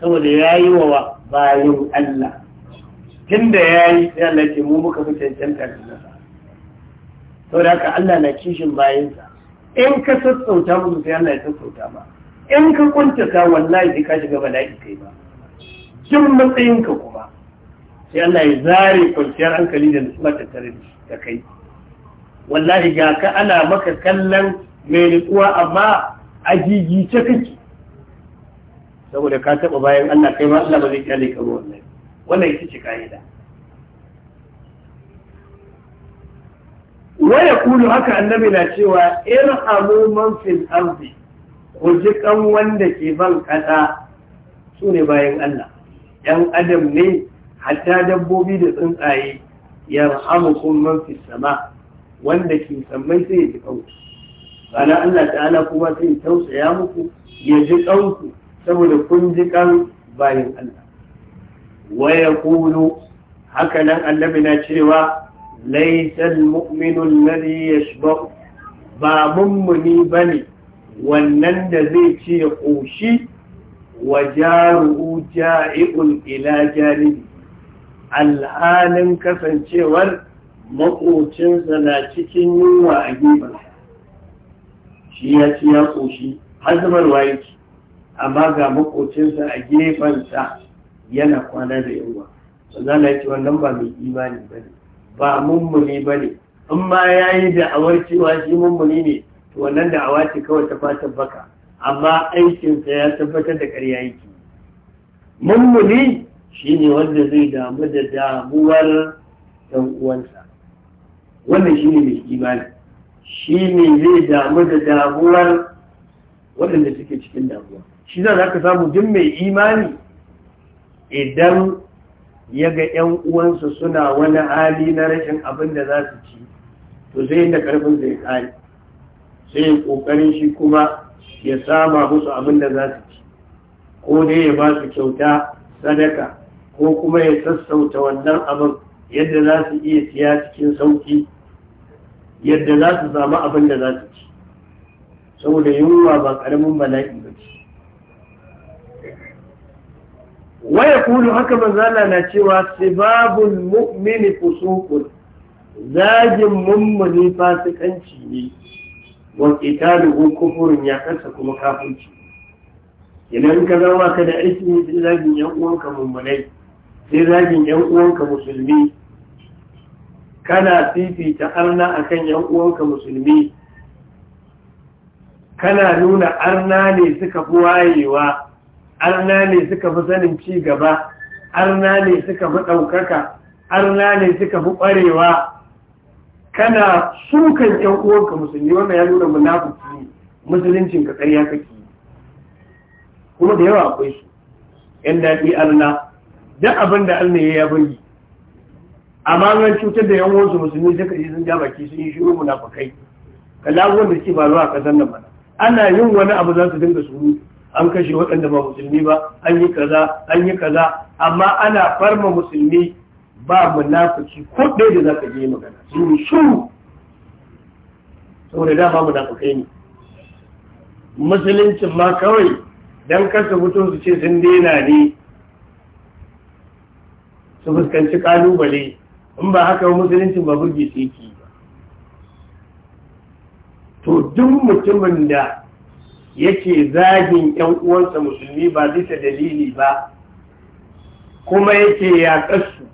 saboda ya yi wa bayan Allah tun da ya yi sai Allah ce mu muka fi cancanta da nasa saboda haka Allah na kishin bayansa in ka sassauta musu sai Allah ya sassauta ba in ka kuntata wallahi sai ka shiga bala'i kai ba kin matsayinka kuma sai Allah ya zare kwanciyar hankali da nutsuwa tattare da kai wallahi ga ka ana maka kallon mai rikuwa amma a jijice kake saboda ka taba bayan Allah kai ma Allah ba zai kyale ka ba wannan wannan yake ce ka'ida waya kulu haka annabi na cewa irhamu man fil ardi ku ji kan wanda ke ban kasa su ne bayan Allah yan adam ne hatta dabbobi da tsuntsaye yarhamukum man fis sama wanda ke sammai sai ya ji kanku ana Allah ta'ala kuma sai tausaya muku ya ji kanku saboda kun ji kan bayin Allah wa yaqulu haka nan annabi na cewa laysa muminu alladhi yashba ba mummuni bane wannan da zai ce ya koshi wa jaruhu ja'i'un ila janibi alhalin kasancewar makocinsa na cikin yunwa a gefen shi ya ci ya ƙoshi har zubarwa yake amma ga makocinsa a gefensa yana kwana da yawa sannan na ce wannan ba mai imani ba ne ba mummuni ba ne in ma ya yi da'awar cewa shi mummuni ne to wannan da'awa ce kawai ta fata baka amma aikinsa ya tabbatar da ƙarya yake mummuni shi ne wanda zai damu da damuwar ɗan uwansa wannan shi ne mai imani shi ne zai damu da damuwar waɗanda suke cikin damuwa shi za ka samu duk mai imani idan ya ga 'yan uwansa suna wani hali na rashin abin da za su ci to sai da karfin zai kare sai ya ƙoƙarin shi kuma ya sama musu abin da za su ci ko dai ya ba su kyauta sadaka ko kuma ya sassauta wannan abin yadda za su iya siya cikin sauki yadda za su samu abin da za su ci saboda yunwa ba ƙaramin bala'i ba ce waya kulu haka manzala na cewa babu mu'mini fusukun zagin mummuni fasikanci ne wa qitaluhu kufurun ya kansa kuma kafirci idan ka zama ka da aiki sai zagin yan uwanka mummunai sai zagin yan uwanka musulmi kana fifita arna akan yan uwanka musulmi kana nuna arna ne suka fi wayewa arna ne suka fi sanin ci gaba arna ne suka fi ɗaukaka arna ne suka fi ƙwarewa kana sukan yan uwanka musulmi wannan ya nuna munafiki musuluncin ka ƙarya kake kuma da yawa akwai su yan daɗi arna duk abin da allah ya bari amma an cutar da yan wasu musulmi suka yi sun ja baki sun yi shiru munafukai kalla da ke faruwa a kasar nan ba ana yin wani abu za su dinga su an kashe waɗanda ba musulmi ba an yi kaza an yi kaza amma ana farma musulmi ba munafiki ko ɗaya da za ka je magana sun yi shuru saboda dama munafukai ne musuluncin ma kawai dan kasa mutum su ce sun daina ne su fuskanci kalubale in ba haka musulunci ba burge su yake ba to duk mutumin da yake zagin yan uwansa musulmi ba bisa dalili ba kuma yake yaƙarsu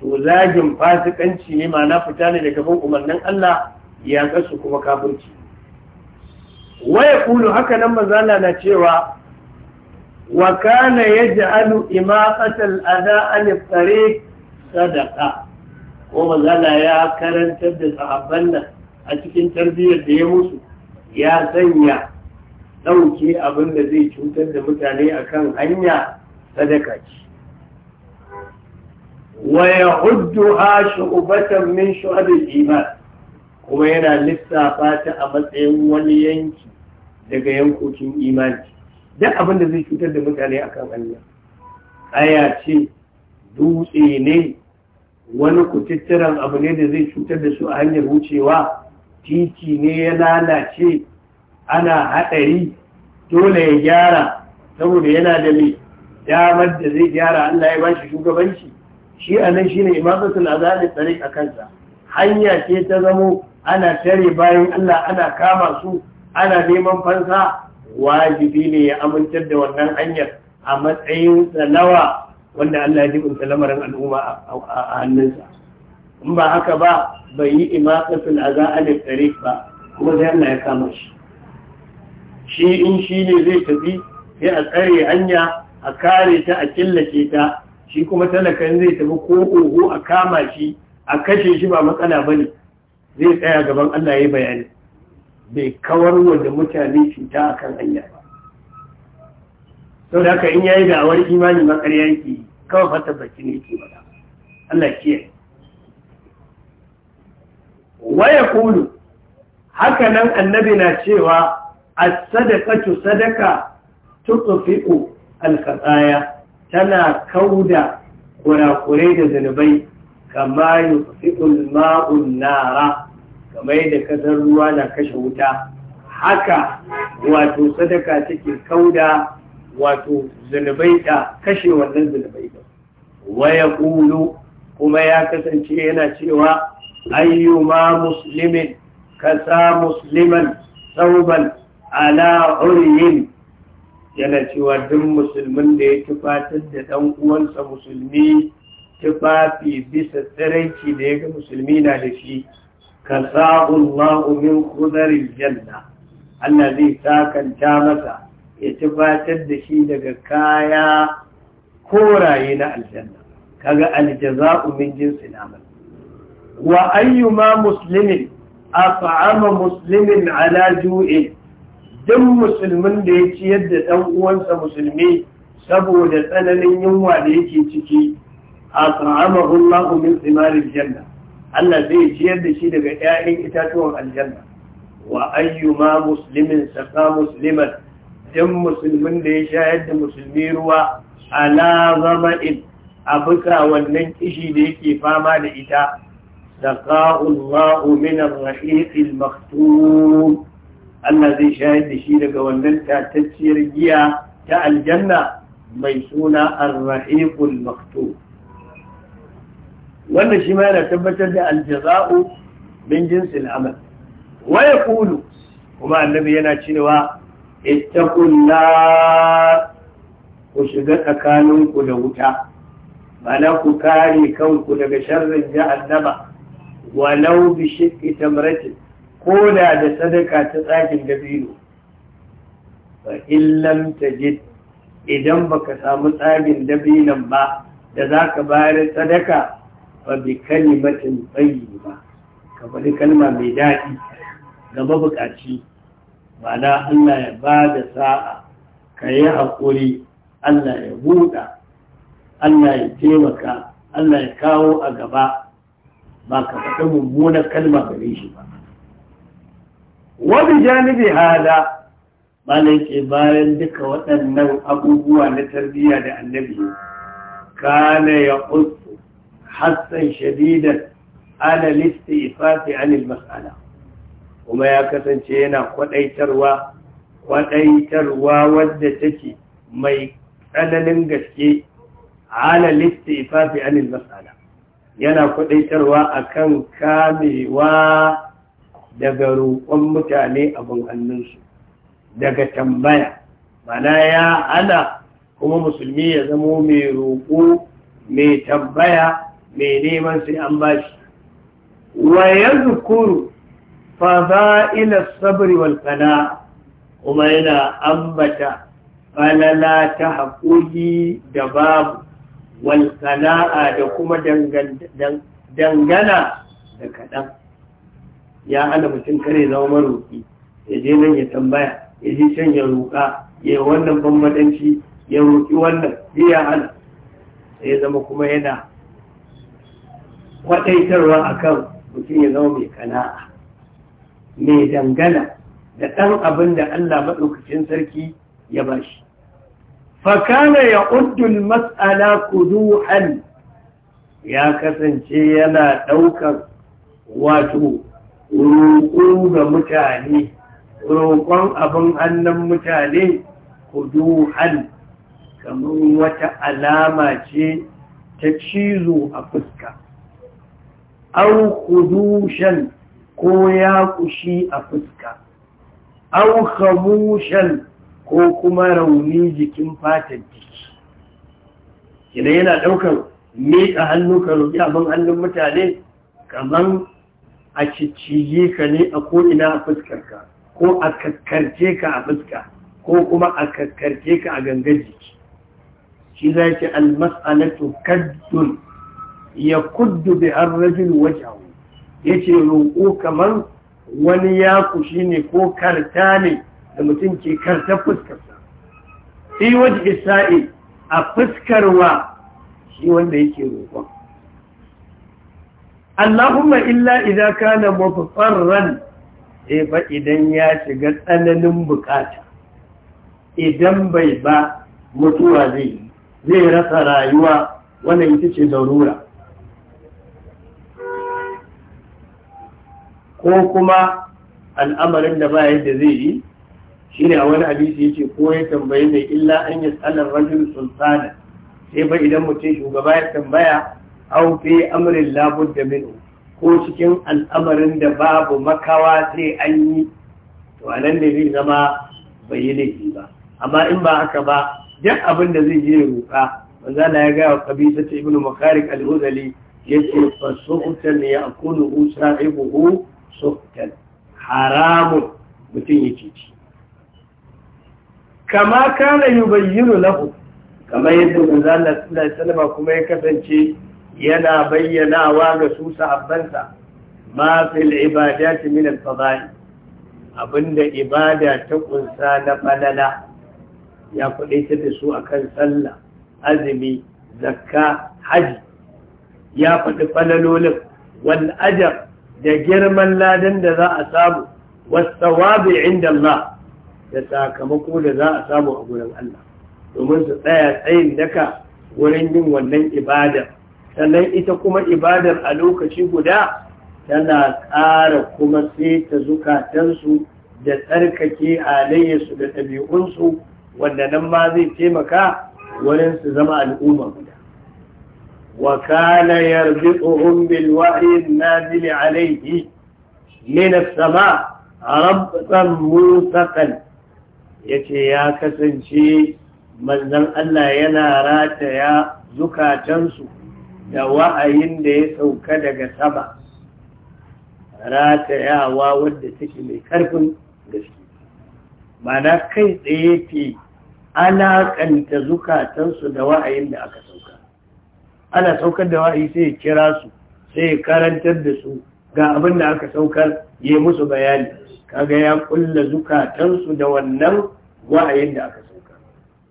to zagin fasikanci ne ma na fita ne daga gaban umarnin Allah yaƙarsu kuma kafirci waya kulu haka nan mazala na cewa wa kana yaj'alu imaqatal adha an tariq sadaqa ko manzala ya karantar da sahabban nan a cikin tarbiyyar da ya musu ya sanya ɗauke abin da zai cutar da mutane a kan hanya sadaka ce wa ya huddu shu'ubatan min shu'abil iman kuma yana lissafa ta a matsayin wani yanki daga yankokin imani duk abin da zai cutar da mutane a kan hanya aya ce dutse ne wani kututturan abu ne da zai cutar da su a hanyar wucewa titi ne ya lalace ana haɗari dole ya gyara saboda yana da mai damar da zai gyara Allah ya bashi shugabanci shi a nan shine imamatul azali tsari a kansa hanya ce ta zamo ana tare bayan Allah ana kama su ana neman fansa wajibi ne ya amintar da wannan hanyar a matsayin nawa wanda Allah ya jibinta lamarin al'umma a hannunsa in ba haka ba bai yi imaqatul a alif tariq ba kuma sai Allah ya kama shi shi in shi ne zai tafi sai a tsare hanya a kare ta a killace ta shi kuma talakan zai tafi ko ogo a kama shi a kashe shi ba matsala ba ne, zai tsaya gaban Allah ya bayani bai kawar da mutane cuta akan hanya ba sau da haka in ya yayi da'awar imani makarya yake kawai fata baki ne ke faɗa Allah ke waya kulu haka nan annabi na cewa as-sadaqatu sadaqa tutfi'u al-khataya tana kauda kurakurai da zanubai kama yutfi'u al nara kamar da kasar ruwa na kashe wuta haka wato sadaka take kauda wato zunubai da kashe wannan zunubai waya kulu kuma ya kasance yana cewa ayyuma muslimin kasa musliman sauban ala uriyin yana cewa duk musulmin da ya tufatar da ɗan uwansa musulmi tufafi bisa tsiranci da ya ga musulmi na da shi ka sa'un ma'umin kudarin janna Allah zai sakanta masa ya tufatar da shi daga kaya koraye na aljanna kaga aljaza'u min jinsi amal wa ayyuma muslimin af'ama muslimin ala ju'in duk musulmin da ya ciyar da dan uwansa musulmi saboda tsananin yunwa da yake ciki at'amahu Allahu min thimaril janna Allah zai ciyar da shi daga 'ya'yan itatuwan aljanna wa ayyuma muslimin saqa musliman Idan musulmin da ya shayar da musulmi ruwa a lazama'in a bisa wannan kishi da yake fama da ita da ƙa'ullahu min rahiqil maktum Allah zai sha da shi daga wannan tatacciyar giya ta aljanna mai suna ar-rahiqul maktum wannan shi ma yana tabbatar da aljaza'u min jinsil amal wa kuma annabi yana cewa ittaqulla ku shiga tsakaninku da wuta bala ku kare kanku daga sharrin jahannama walau bi shiqqi tamratin ko da da sadaka ta tsakin dabino fa in lam tajid idan baka samu tsakin dabinan ba da zaka bayar sadaka fa bi kalimatin tayyiba ka faɗi kalma mai daɗi gaba buƙaci. Bana Allah ya ba da sa'a ka yi haƙuri Allah ya buɗa Allah ya taimaka Allah ya kawo a gaba ba ka faɗi mummunar kalma gare shi ba wani janibi hada malai ke bayan duka waɗannan abubuwa na tarbiyya da annabi kana ya ƙusu hassan shadidan ala listi ifafi anil mas'ala kuma ya kasance yana kwadaitarwa kwadaitarwa wadda take mai tsananin gaske ala ifafi anil mas'ala yana kwadaitarwa akan kamewa daga roƙon mutane abin hannunsu daga tambaya mana ya ana kuma musulmi ya zamo mai roƙo mai tambaya mai neman sai an bashi wa ya fada'ilas sabri wal qana kuma yana ambata falala ta haƙuri da babu wal da kuma dangana da kaɗan ya hana mutum kare zama maroki ya je nan ya tambaya ya ji can ya roƙa ya yi wannan bambadanci ya roƙi wannan ya hana sai zama kuma yana kwaɗaitarwa akan mutum ya zama mai kana'a mai dangana da ɗan abin da Allah maɗaukacin sarki ya ba shi. Fakana ya uddul matsala kuduhan ya kasance yana ɗaukar wato roƙo ga mutane, roƙon abin hannun mutane kuduhan kamar wata alama ce ta cizo a fuska. Au kudushan ko ya kushi a fuska an khamushan ko kuma rauni jikin fatan jiki kina yana ɗaukar miƙa hannu ka roƙi abin hannun mutane kamar a cicciye ka ne a ko'ina a fuskarka ko a kakkarce ka a fuska ko kuma a kakkarce ka a gangar jiki shi za ki almas'alatu kaddun ya kuddu bi har rajin wajahu yace roƙo kamar wani ya shi ne ko karta ne da mutum ke karta fuskarsa fi waje isa'i a fuskarwa shi wanda yake roƙon Allahumma illa idza kana mufarran sai ba idan ya shiga tsananin bukata idan bai ba mutuwa zai rasa rayuwa wannan ita ce darura ko kuma al'amarin da ba yadda zai yi shi ne a wani hadisi yace ko ya tambayi mai illa an yi tsallar rajin sultana sai ba idan mutum shugaba ya tambaya au fi amrin la da minu ko cikin al'amarin da babu makawa sai an yi to nan ne zai zama bai yi laifi ba amma in ba haka ba duk abin da zai je roƙa manzo Allah ya ga wa kabisa ta ibnu makarik al-hudali yace fasuhtan ya'kulu sa'ibuhu suktan haramun mutum yake ci kama kana bayyano lahu kamar yadda manzo suna sallallahu kuma ya kasance yana bayyanawa ga su sa'abbansa ma fil ta min al-fadail abinda ibada ta kunsa na falala ya ta da su akan sallah azumi zakka hajji ya faɗi falalolin wal ajab da girman ladan da za a samu wasawabi inda Allah da sakamako da za a samu a gurin Allah domin su tsaya tsayin daka wurin yin wannan ibada, sannan ita kuma ibadar a lokaci guda tana ƙara kuma sai ta zukatansu da tsarkake halayyarsu da ɗabi'unsu wanda nan ma zai taimaka wurin su zama al'umma وكان يربطهم بالوحي النازل عليه من السماء ربطا موثقا يتي يا كسنشي manzan Allah yana rataya zukatansu da wa'ayin da ya sauka daga sama ratayawa wadda take mai karfin gaske mana kai tsaye ke alaƙanta zukatansu da wa'ayin da aka sauka ana saukar da wa'i sai ya kira su sai ya karantar da su ga abin da aka saukar ya yi musu bayani kaga ya kulla zukatansu da wannan wa'ayin da aka saukar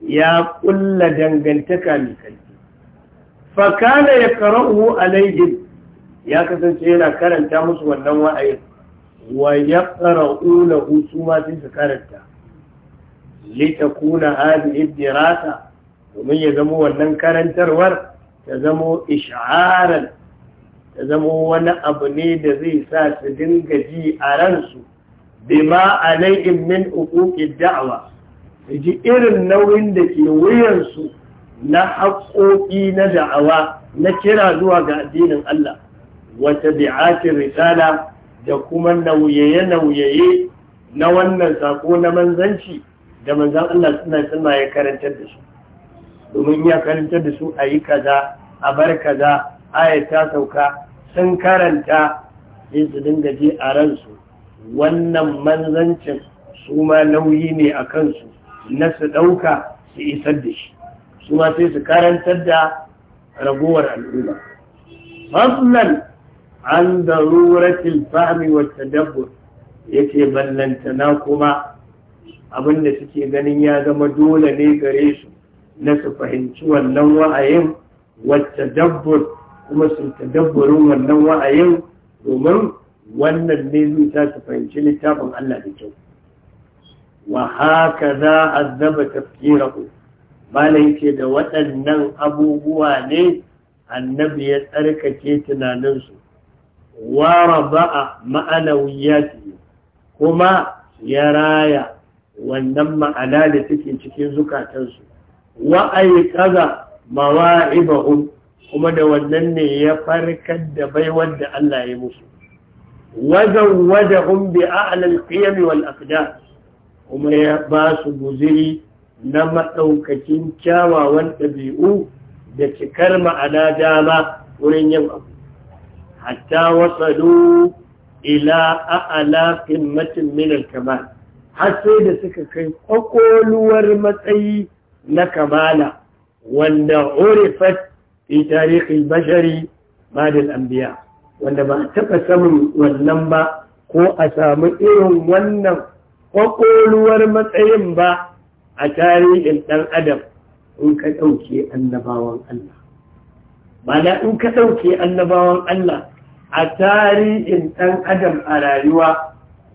ya kulla dangantaka mai kalli fakana ya karahu alaihim ya kasance yana karanta musu wannan wa'ayin wa ya karahu na hutu ma sai su karanta litakuna hadi ibdirasa domin ya zama wannan karantarwar ta zamo ish'aran ta zamo wani abu ne da zai sa su dinga ji a ransu a alaihim min uquqid da'wa su ji irin nauyin da ke wuyansu na haƙoƙi na da'awa na kira zuwa ga addinin Allah wata bi'atin risala da kuma nauyaye-nauyaye na wannan sako na manzanci da manzan Allah suna suna ya karantar da shi domin ya karanta da su a yi kaza a bar kaza ayat ta sauka sun karanta sai su dinga je a ransu wannan manzancin su ma nauyi ne a kansu na su ɗauka su isar da shi su ma sai su karantar da ragowar al'umma Maflan an daruratil fahmi dabbur tadabbur yace ballantana kuma abinda suke ganin ya zama dole ne gare su na su fahimci wannan wa'ayin wacce dabbur kuma su tadabburin wannan wa'ayin domin wannan ne zai ta su fahimci littafin Allah da kyau wa haka za a zaba ku? malai yake da waɗannan abubuwa ne annabi ya tsarkake tunaninsu wara ba'a ma'anawiyati kuma ya raya wannan ma'ana da take cikin zukatansu wa’aikaza mawa’ibahun kuma da wannan ne ya farkar da baiwar da Allah ya musu. Wajen wajen hun a’alal fiyami wal afida kuma ya ba su guziri na maɗaukakin kyawawan ɗabi’u da cikar ma’ana dama wurin yin abu. Hatta wasalu ila a’ala fi min minar har sai da suka kai kwakwaluwar matsayi na kamala wanda urifat fi tarihi bashari ba da anbiya wanda ba a taɓa samun wannan ba ko a samu irin wannan ƙwaƙoluwar matsayin ba a tarihin ɗan adam in ka ɗauke annabawan Allah mana in ka ɗauke annabawan Allah a tarihin ɗan adam a rayuwa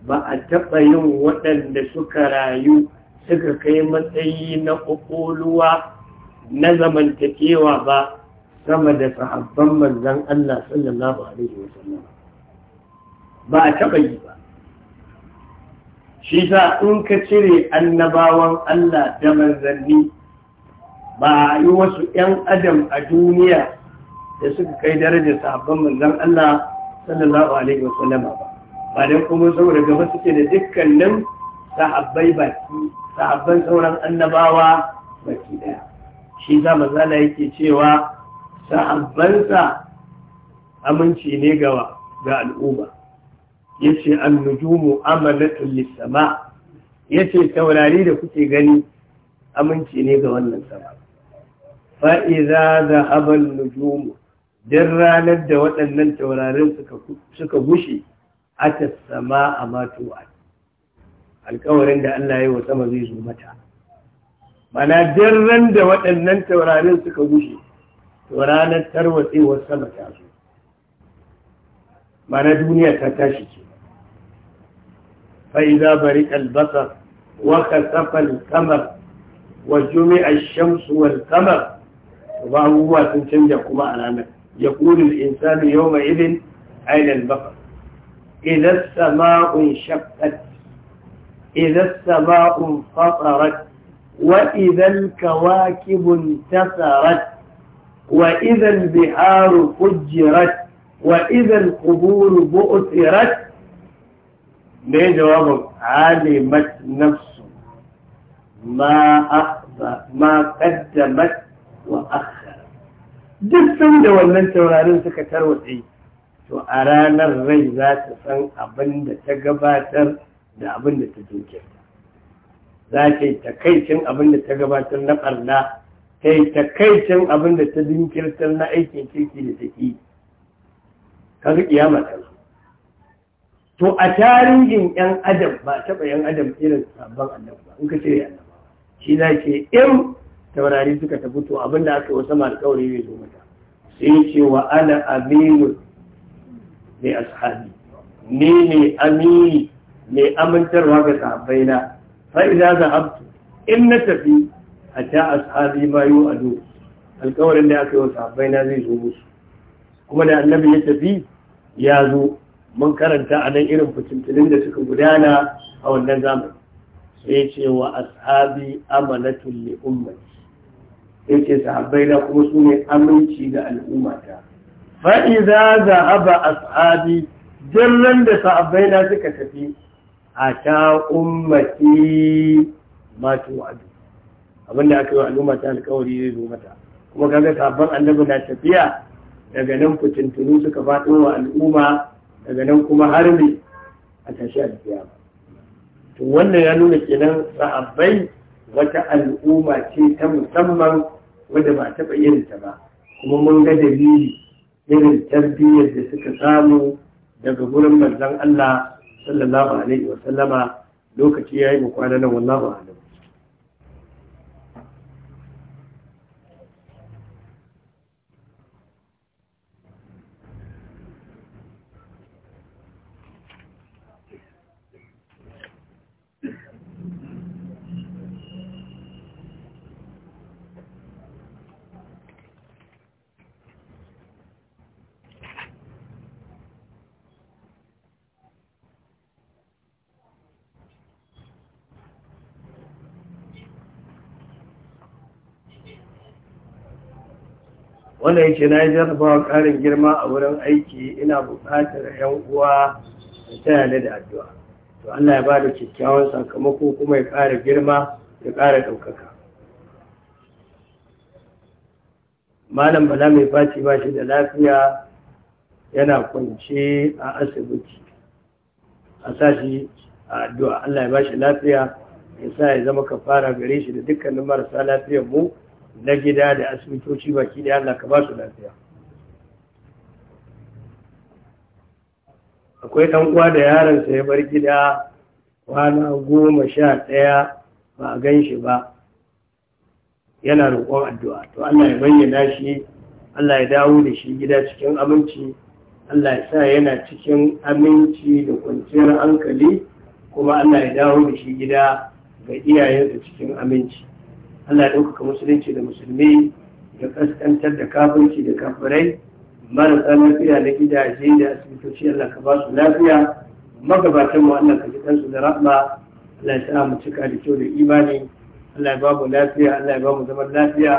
ba a taɓa yin waɗanda suka rayu suka kai matsayi na ƙwaƙwalwa na zamantakewa ba sama da sahabban manzan Allah sallallahu Alaihi wasallam ba a taɓa yi ba shi sa in ka cire annabawan Allah da manzanni ba a yi wasu 'yan adam a duniya da suka kai darajar sahabban manzan Allah sallallahu alaihi wasallam ba ba don kuma saboda gaba suke da dukkanin sahabbai baki sahabban sauran annabawa baki ɗaya. shi za mazala yake cewa sahabbansa aminci ne ga al'umma ya ce annujumu amalatun lissama ya ce taurari da kuke gani aminci ne ga wannan sama fa'iza za haban nujumu don ranar da waɗannan taurarin suka gushe a ta sama a matuwa alkawarin da Allah ya yi wa sama zai zo mata mana ran da waɗannan taurarin suka gushe to ranar tarwatsewar sama ta zo mana duniya ta tashi ce fa'iza bari albasar wa kasafan kamar wa jumi'ar shamsu wal kamar ba abubuwa sun canja kuma a ranar ya ƙuri insanu yau mai idin ainihin bakar idan sama'un shakkat إذا السماء انفطرت وإذا الكواكب انتثرت وإذا البحار فجرت وإذا القبور بؤثرت ليه جوابك علمت نفس ما أخذ ما قدمت وأخر duk sun da wannan taurarin suka tarwatse to a ranar rai za ta san abin da ta gabatar da abin da ta jinkirta za ta yi takaicin abin da ta gabatar na ɓarna ta yi takaicin abin da ta jinkirtar na aikin kirki da ta ƙi ka ga kiyama ta to a tarihin yan adam ba taɓa yan adam irin sabon adam ba in ka cire annabawa shi za ce in taurari suka tafi to abin da aka yi mara alƙawari bai zo mata sai ce wa ana aminu ne ashabi ni ne amini mai amintarwa ga sahabbaina na fa idza zahabtu in na tafi hatta ashabi ma a adu alƙawarin da aka yi wa sahabbaina zai zo musu kuma da annabi ya tafi ya zo mun karanta a nan irin fitintunin da suka gudana a wannan zamani sai ce wa ashabi amanatul li ummati sai ce sahabbaina kuma su ne aminci ga al'ummata fa'iza za a ba ashabi jirgin da sahabbai na suka tafi ata ummati ma tu'adu abinda aka yi al'umma ta alkawari zai zo mata kuma kaga sabon annabi na tafiya daga nan fitintunu suka faɗo wa al'umma daga nan kuma har me a tashi tafiya to wannan ya nuna kenan sahabbai wata al'umma ce ta musamman wadda ba taɓa irin ta ba kuma mun ga dalili irin tarbiyyar da suka samu daga gurin manzon Allah sallallahu alaihi wa sallama lokaci yi mu kwana nan wallahu a'lam wannan yake na yi jarrabawa ƙarin girma a wurin aiki ina buƙatar 'yan uwa da taya ni da addu'a to Allah ya ba da kyakkyawan sakamako kuma ya ƙara girma ya ƙara ɗaukaka malam bala mai fati ba shi da lafiya yana kwance a asibiti a sashi a addu'a Allah ya ba shi lafiya ya sa ya zama kafara gare shi da dukkanin marasa lafiyar mu na gida da asibitoci baki da Allah ka ba su lafiya akwai ɗan uwa da yaransa ya bar gida kwana goma sha ɗaya ba a gan shi ba yana roƙon addu'a to Allah ya bayyana shi Allah ya dawo da shi gida cikin aminci Allah ya sa yana cikin aminci da kwanciyar hankali kuma Allah ya dawo da shi gida ga iyayensa cikin aminci Allah ya ɗaukaka musulunci da musulmi da kaskantar da kafirci da kafirai marasa lafiya da gidaje da asibitoci Allah ka ba su lafiya magabatan mu Allah ka ji kansu da rahma Allah ya sa cika da kyau da imani Allah ya ba mu lafiya Allah ya ba mu zaman lafiya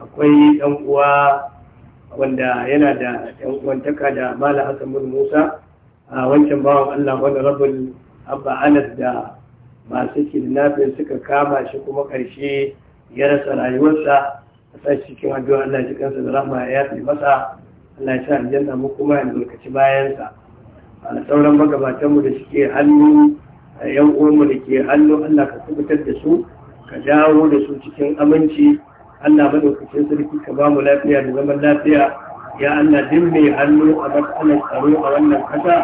akwai ɗan uwa wanda yana da yan uwantaka da Malam Hassan bin Musa a wancan bawan Allah wanda rabin Abba Anas da masu kidnapping suka kama shi kuma ƙarshe. ya rasa rayuwarsa a sashi cikin addu'a Allah ji kansa da rahama ya yafi masa Allah ya sa aljanna mu kuma ya albarkaci bayansa a sauran mu da suke hannu a yan uwanmu da ke hannu Allah ka kubutar da su ka dawo da su cikin aminci Allah madaukakin sarki ka ba mu lafiya da zaman lafiya ya Allah din mai hannu a matsalar tsaro a wannan kasa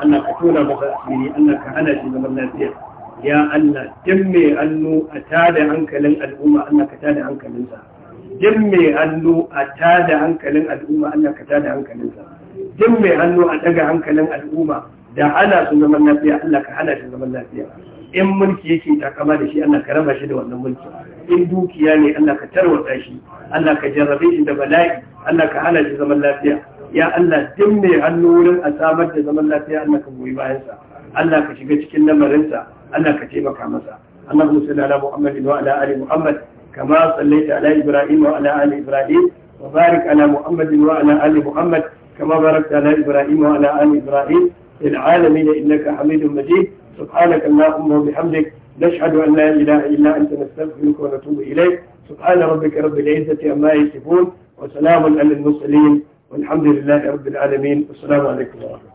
Allah ka tona masa asiri Allah ka hana shi zaman lafiya ya Allah duk mai allo a tada hankalin al'umma Allah ka tada hankalinsa duk mai allo a tada hankalin al'umma Allah ka tada hankalinsa duk mai allo a daga hankalin al'umma da hana su zaman lafiya Allah ka hana shi zaman lafiya in mulki yake takama da shi Allah ka raba shi da wannan mulki in dukiya ne Allah ka tarwata shi Allah ka jarrabe shi da bala'i Allah ka hana shi zaman lafiya ya Allah duk mai hannu wurin a samar da zaman lafiya Allah ka goyi bayansa Allah ka shiga cikin lamarinsa أن كتيبك مزا أنه صلى على محمد وعلى آل محمد كما صليت على إبراهيم وعلى آل إبراهيم وبارك على محمد وعلى آل محمد كما باركت على إبراهيم وعلى آل إبراهيم العالمين إنك حميد مجيد سبحانك اللهم وبحمدك نشهد أن لا إله إلا أنت نستغفرك ونتوب إليك سبحان ربك رب العزة عما يصفون وسلام على المرسلين والحمد لله رب العالمين والسلام عليكم ورحمة الله